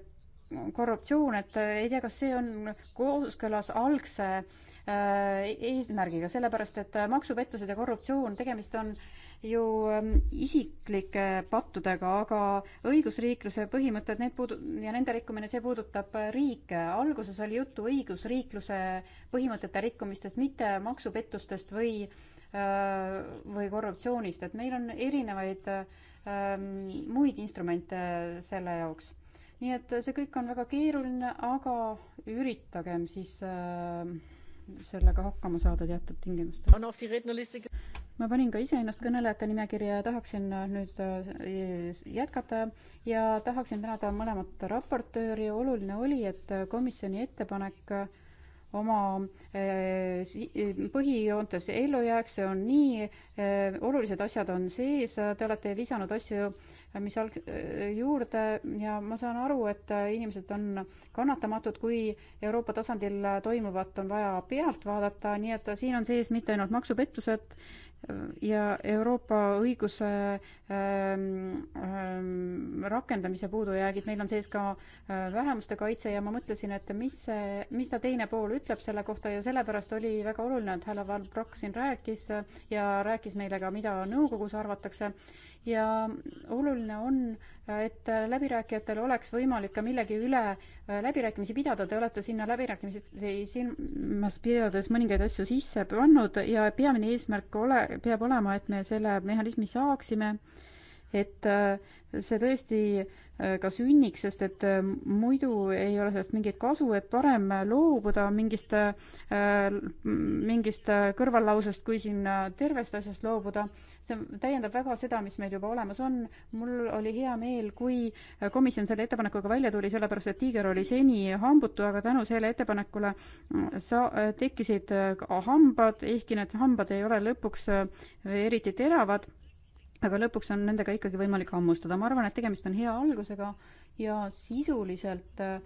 korruptsioon, et äh, ei tea, kas see on kooskõlas algse eesmärgiga, sellepärast et maksupettused ja korruptsioon, tegemist on ju ähm, isiklike pattudega, aga õigusriikluse põhimõtted, need puudu- ja nende rikkumine, see puudutab riike. alguses oli juttu õigusriikluse põhimõtete rikkumistest, mitte maksupettustest või äh, Äh, või korruptsioonist, et meil on erinevaid ähm, muid instrumente selle jaoks. nii et see kõik on väga keeruline, aga üritagem siis ähm, sellega hakkama saada teatud tingimustel. ma panin ka iseennast kõnelejate nimekirja ja tahaksin äh, nüüd äh, jätkata ja tahaksin tänada mõlemat raportööri. oluline oli, et komisjoni ettepanek oma eh, põhijoontes ellu jääks, see on nii, eh, olulised asjad on sees, te olete lisanud asju, mis alg-, eh, juurde ja ma saan aru, et inimesed on kannatamatud, kui Euroopa tasandil toimuvat on vaja pealt vaadata, nii et siin on sees mitte ainult maksupettused ja Euroopa õiguse ähm, ähm, rakendamise puudujäägid, meil on sees ka äh, vähemuste kaitse ja ma mõtlesin, et mis see, mis ta teine pool ütleb selle kohta ja sellepärast oli väga oluline, et härra Valbrok siin rääkis ja rääkis meile ka, mida nõukogus arvatakse ja oluline on, et läbirääkijatel oleks võimalik ka millegi üle äh, läbirääkimisi pidada, te olete sinna läbirääkimisi silmas pidades mõningaid asju sisse pannud ja peamine eesmärk ole, peab olema, et me selle mehhanismi saaksime et äh, see tõesti äh, ka sünniks, sest et äh, muidu ei ole sellest mingit kasu, et parem loobuda mingist, mingist kõrvallausest, kui siin tervest asjast loobuda. see täiendab väga seda, mis meil juba olemas on. mul oli hea meel, kui komisjon selle ettepanekuga välja tuli, sellepärast et tiiger oli seni hambutu, aga tänu sellele ettepanekule mm, sa-, tekkisid hambad, ehkki need hambad ei ole lõpuks eriti teravad aga lõpuks on nendega ikkagi võimalik hammustada. ma arvan, et tegemist on hea algusega ja sisuliselt äh,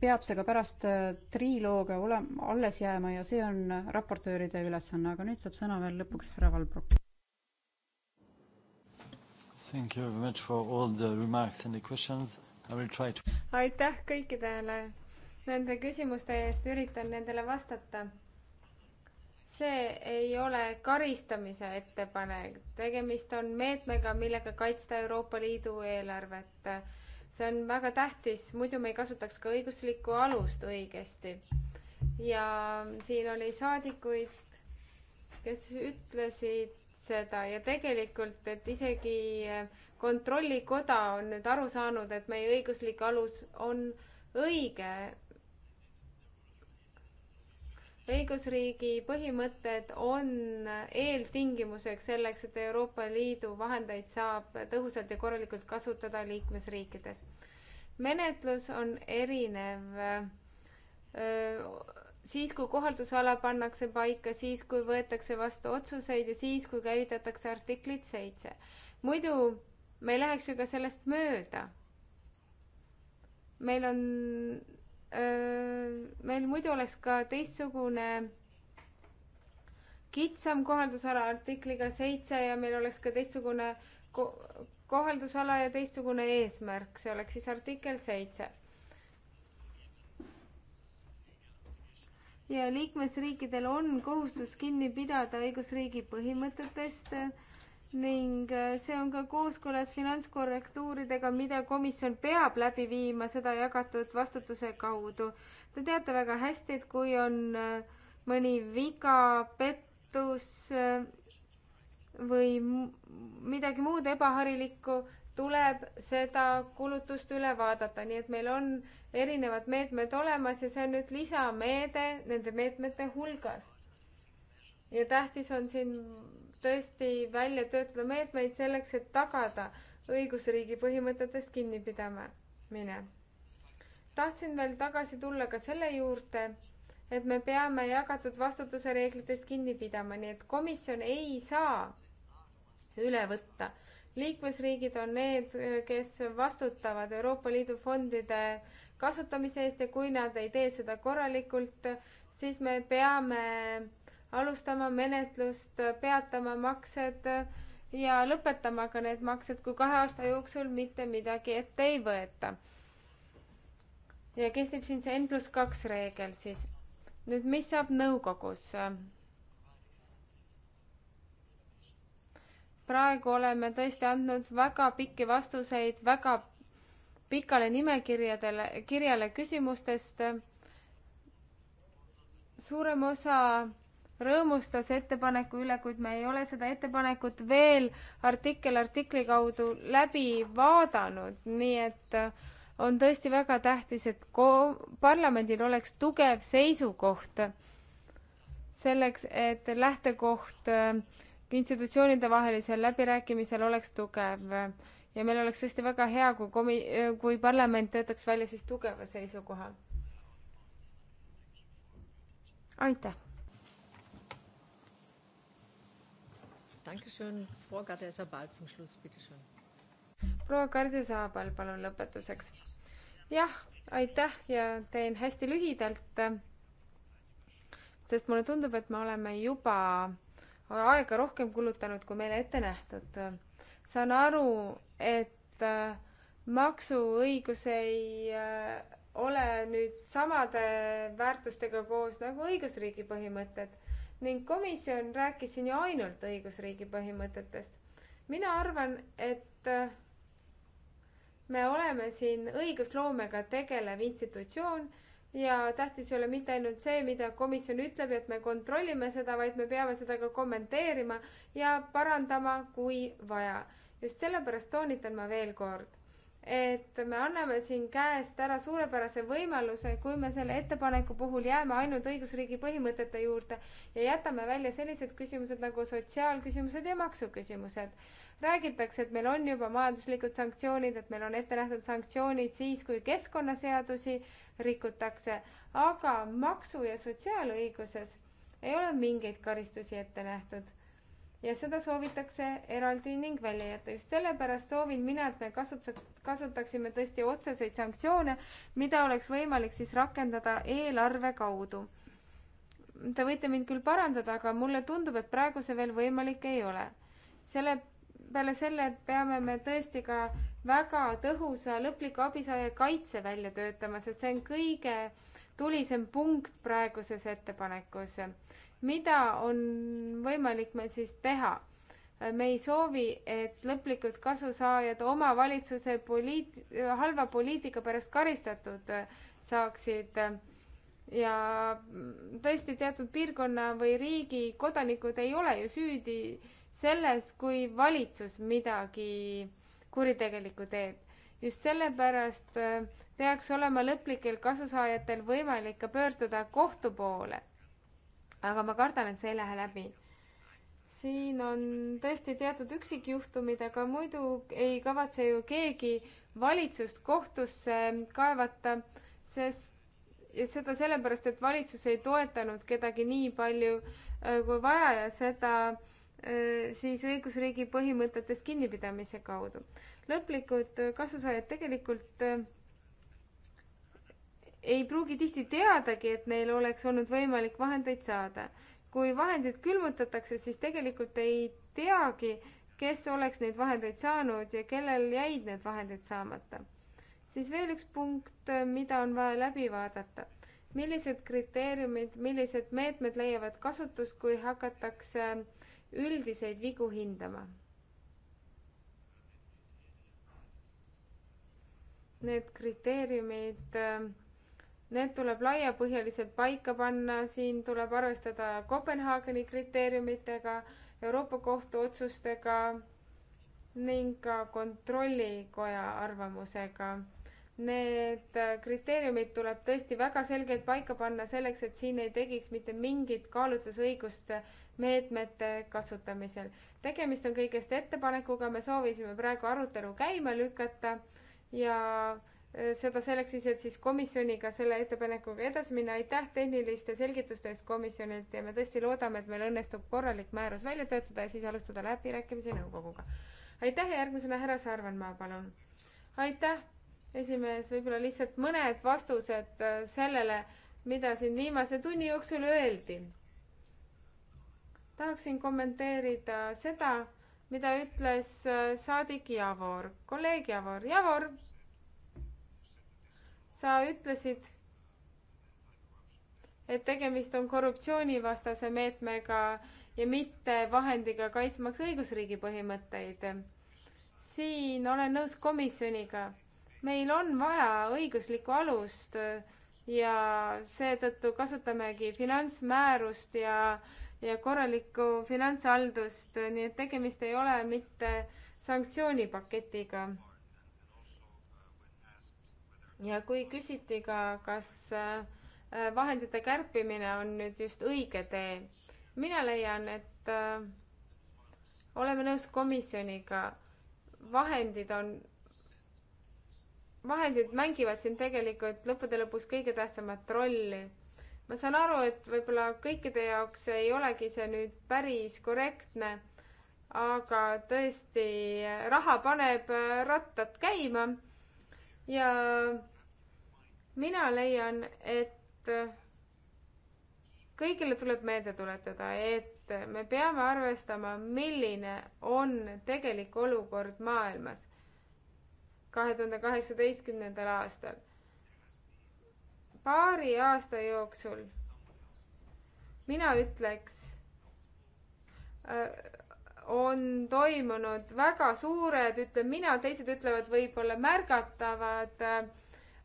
peab see ka pärast äh, triloogia olema, alles jääma ja see on raportööride ülesanne, aga nüüd saab sõna veel lõpuks härra Valbrok. Thank you very much for all the remarks and the questions. I will try to aitäh kõikidele nende küsimuste eest, üritan nendele vastata see ei ole karistamise ettepanek, tegemist on meetmega, millega kaitsta Euroopa Liidu eelarvet. see on väga tähtis, muidu me ei kasutaks ka õiguslikku alust õigesti. ja siin oli saadikuid, kes ütlesid seda ja tegelikult, et isegi kontrollikoda on nüüd aru saanud, et meie õiguslik alus on õige õigusriigi põhimõtted on eeltingimuseks selleks, et Euroopa Liidu vahendeid saab tõhusalt ja korralikult kasutada liikmesriikides. menetlus on erinev siis, kui kohaldusala pannakse paika, siis, kui võetakse vastu otsuseid ja siis, kui käivitatakse artiklit seitse. muidu me ei läheks ju ka sellest mööda. meil on meil muidu oleks ka teistsugune kitsam kohaldusala artikliga seitse ja meil oleks ka teistsugune ko kohaldusala ja teistsugune eesmärk, see oleks siis artikkel seitse. ja liikmesriikidel on kohustus kinni pidada õigusriigi põhimõtetest ning äh, see on ka kooskõlas finantskorrektuuridega, mida komisjon peab läbi viima seda jagatud vastutuse kaudu. Te teate väga hästi, et kui on äh, mõni viga, pettus äh, või midagi muud ebaharilikku, tuleb seda kulutust üle vaadata, nii et meil on erinevad meetmed olemas ja see on nüüd lisameede nende meetmete hulgast ja tähtis on siin tõesti välja töötada meetmeid selleks, et tagada õigusriigi põhimõtetest kinnipidamine. tahtsin veel tagasi tulla ka selle juurde, et me peame jagatud vastutuse reeglitest kinni pidama, nii et komisjon ei saa üle võtta. liikmesriigid on need, kes vastutavad Euroopa Liidu fondide kasutamise eest ja kui nad ei tee seda korralikult, siis me peame alustama menetlust, peatama maksed ja lõpetama ka need maksed, kui kahe aasta jooksul mitte midagi ette ei võeta. ja kehtib siin see N pluss kaks reegel siis. nüüd, mis saab nõukogus? praegu oleme tõesti andnud väga pikki vastuseid väga pikale nimekirjadele, kirjale küsimustest. suurem osa rõõmustas ettepaneku üle, kuid me ei ole seda ettepanekut veel artikkel artikli kaudu läbi vaadanud, nii et äh, on tõesti väga tähtis, et ko-, parlamendil oleks tugev seisukoht selleks, et lähtekoht äh, institutsioonide vahelisel läbirääkimisel oleks tugev ja meil oleks tõesti väga hea, kui komi-, äh, kui parlament töötaks välja siis tugeva seisukoha. aitäh! proua Kardi Saabal, palun lõpetuseks. jah, aitäh ja teen hästi lühidalt, sest mulle tundub, et me oleme juba aega rohkem kulutanud, kui meile ette nähtud. saan aru, et äh, maksuõigus ei äh, ole nüüd samade väärtustega koos nagu õigusriigi põhimõtted ning komisjon rääkis siin ju ainult õigusriigi põhimõtetest. mina arvan, et äh, me oleme siin õigusloomega tegelev institutsioon ja tähtis ei ole mitte ainult see, mida komisjon ütleb, et me kontrollime seda, vaid me peame seda ka kommenteerima ja parandama, kui vaja. just sellepärast toonitan ma veel kord, et me anname siin käest ära suurepärase võimaluse, kui me selle ettepaneku puhul jääme ainult õigusriigi põhimõtete juurde ja jätame välja sellised küsimused nagu sotsiaalküsimused ja maksuküsimused. räägitakse, et meil on juba majanduslikud sanktsioonid, et meil on ette nähtud sanktsioonid siis, kui keskkonnaseadusi rikutakse, aga maksu- ja sotsiaalõiguses ei ole mingeid karistusi ette nähtud ja seda soovitakse eraldi ning välja jätta. just sellepärast soovin mina, et me kasutaks, kasutaksime tõesti otseseid sanktsioone, mida oleks võimalik siis rakendada eelarve kaudu. Te võite mind küll parandada, aga mulle tundub, et praegu see veel võimalik ei ole. selle, peale selle peame me tõesti ka väga tõhusa lõpliku abisaaja kaitse välja töötama, sest see on kõige tulisem punkt praeguses ettepanekus mida on võimalik meil siis teha? me ei soovi, et lõplikud kasusaajad omavalitsuse poliit-, halva poliitika pärast karistatud saaksid ja tõesti teatud piirkonna või riigi kodanikud ei ole ju süüdi selles, kui valitsus midagi kuritegelikku teeb. just sellepärast äh, peaks olema lõplikel kasusaajatel võimalik ka pöörduda kohtu poole aga ma kardan, et see ei lähe läbi. siin on tõesti teatud üksikjuhtumid, aga muidu ei kavatse ju keegi valitsust kohtusse kaevata, sest ja seda sellepärast, et valitsus ei toetanud kedagi nii palju äh, kui vaja ja seda äh, siis õigusriigi põhimõtetest kinnipidamise kaudu. lõplikud äh, kasusaajad tegelikult ei pruugi tihti teadagi, et neil oleks olnud võimalik vahendeid saada. kui vahendid külmutatakse, siis tegelikult ei teagi, kes oleks neid vahendeid saanud ja kellel jäid need vahendid saamata. siis veel üks punkt, mida on vaja läbi vaadata. millised kriteeriumid, millised meetmed leiavad kasutust, kui hakatakse üldiseid vigu hindama? Need kriteeriumid äh, Need tuleb laiapõhjaliselt paika panna, siin tuleb arvestada Kopenhaageni kriteeriumitega, Euroopa Kohtu otsustega ning ka Kontrollikoja arvamusega. Need kriteeriumid tuleb tõesti väga selgelt paika panna selleks, et siin ei tekiks mitte mingit kaalutlusõigust meetmete kasutamisel. tegemist on kõigest ettepanekuga, me soovisime praegu arutelu käima lükata ja Äh, seda selleks siis, et siis komisjoniga selle ettepanekuga edasi minna. aitäh tehniliste selgituste eest komisjonilt ja me tõesti loodame, et meil õnnestub korralik määrus välja töötada ja siis alustada läbirääkimisi nõukoguga. aitäh ja järgmisena härra Sarvenmaa, palun. aitäh, esimees, võib-olla lihtsalt mõned vastused äh, sellele, mida siin viimase tunni jooksul öeldi. tahaksin kommenteerida seda, mida ütles äh, saadik Javor, kolleeg Javor. Javor sa ütlesid, et tegemist on korruptsioonivastase meetmega ja mitte vahendiga kaitsmaks õigusriigi põhimõtteid. siin olen nõus komisjoniga. meil on vaja õiguslikku alust ja seetõttu kasutamegi finantsmäärust ja, ja korralikku finantshaldust, nii et tegemist ei ole mitte sanktsioonipaketiga ja kui küsiti ka, kas äh, vahendite kärpimine on nüüd just õige tee, mina leian, et äh, oleme nõus komisjoniga, vahendid on, vahendid mängivad siin tegelikult lõppude lõpuks kõige tähtsamat rolli. ma saan aru, et võib-olla kõikide jaoks ei olegi see nüüd päris korrektne, aga tõesti, raha paneb äh, rattad käima ja mina leian, et kõigile tuleb meelde tuletada, et me peame arvestama, milline on tegelik olukord maailmas kahe tuhande kaheksateistkümnendal aastal. paari aasta jooksul mina ütleks äh, on toimunud väga suured, ütlen mina, teised ütlevad võib-olla märgatavad äh,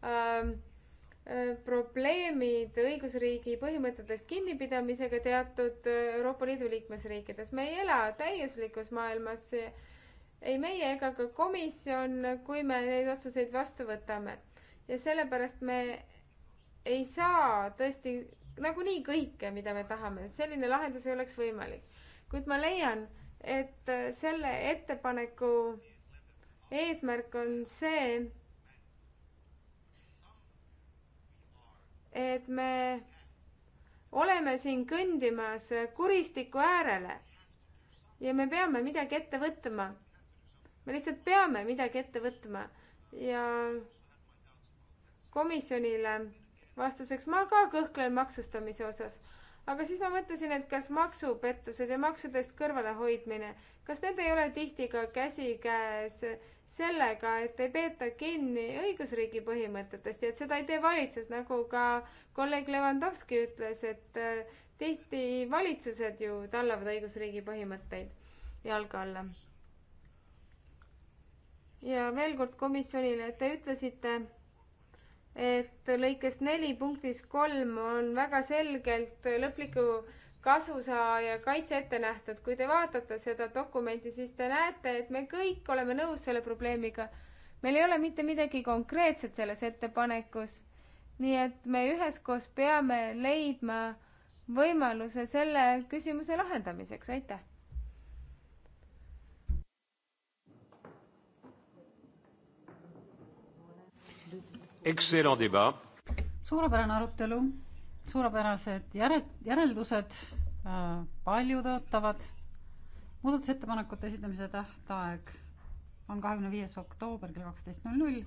äh, probleemid õigusriigi põhimõtetest kinnipidamisega teatud Euroopa Liidu liikmesriikides. me ei ela täiuslikus maailmas, ei meie ega ka komisjon, kui me neid otsuseid vastu võtame. ja sellepärast me ei saa tõesti nagunii kõike, mida me tahame, selline lahendus ei oleks võimalik. kuid ma leian, et äh, selle ettepaneku eesmärk on see, et me oleme siin kõndimas kuristiku äärele ja me peame midagi ette võtma. me lihtsalt peame midagi ette võtma ja komisjonile vastuseks ma ka kõhklen maksustamise osas aga siis ma mõtlesin, et kas maksupettused ja maksudest kõrvalehoidmine, kas need ei ole tihti ka käsikäes sellega, et ei peeta kinni õigusriigi põhimõtetest ja et seda ei tee valitsus, nagu ka kolleeg Levandovski ütles, et äh, tihti valitsused ju tallavad õigusriigi põhimõtteid jalge alla. ja veel kord komisjonile, et te ütlesite et lõikes neli punktis kolm on väga selgelt lõpliku kasusaaja kaitse ette nähtud. kui te vaatate seda dokumenti, siis te näete, et me kõik oleme nõus selle probleemiga. meil ei ole mitte midagi konkreetset selles ettepanekus. nii et me üheskoos peame leidma võimaluse selle küsimuse lahendamiseks. aitäh! suurepärane arutelu, suurepärased järel, järeldused, äh, paljud ootavad. muudatusettepanekute esitamise tähtaeg on kahekümne viies oktoober kell kaksteist null null.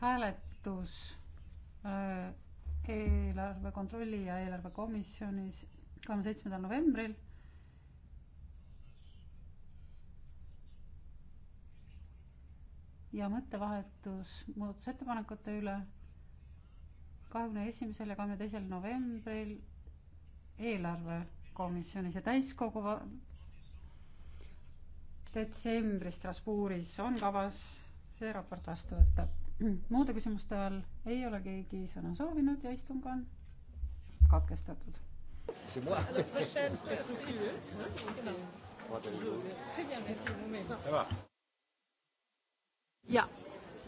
hääletus äh, eelarve kontrolli ja eelarvekomisjonis kahekümne seitsmendal novembril ja mõttevahetus muudatusettepanekute üle kahekümne esimesel ja kahekümne teisel novembril eelarvekomisjonis ja täiskogu detsembris Strasbourgis on kavas see raport vastu võtta. muude küsimuste all ei ole keegi sõna soovinud ja istung on katkestatud. C'est moi. Ah, à la prochaine. Merci. Très bien, merci vous-même. Ça va ja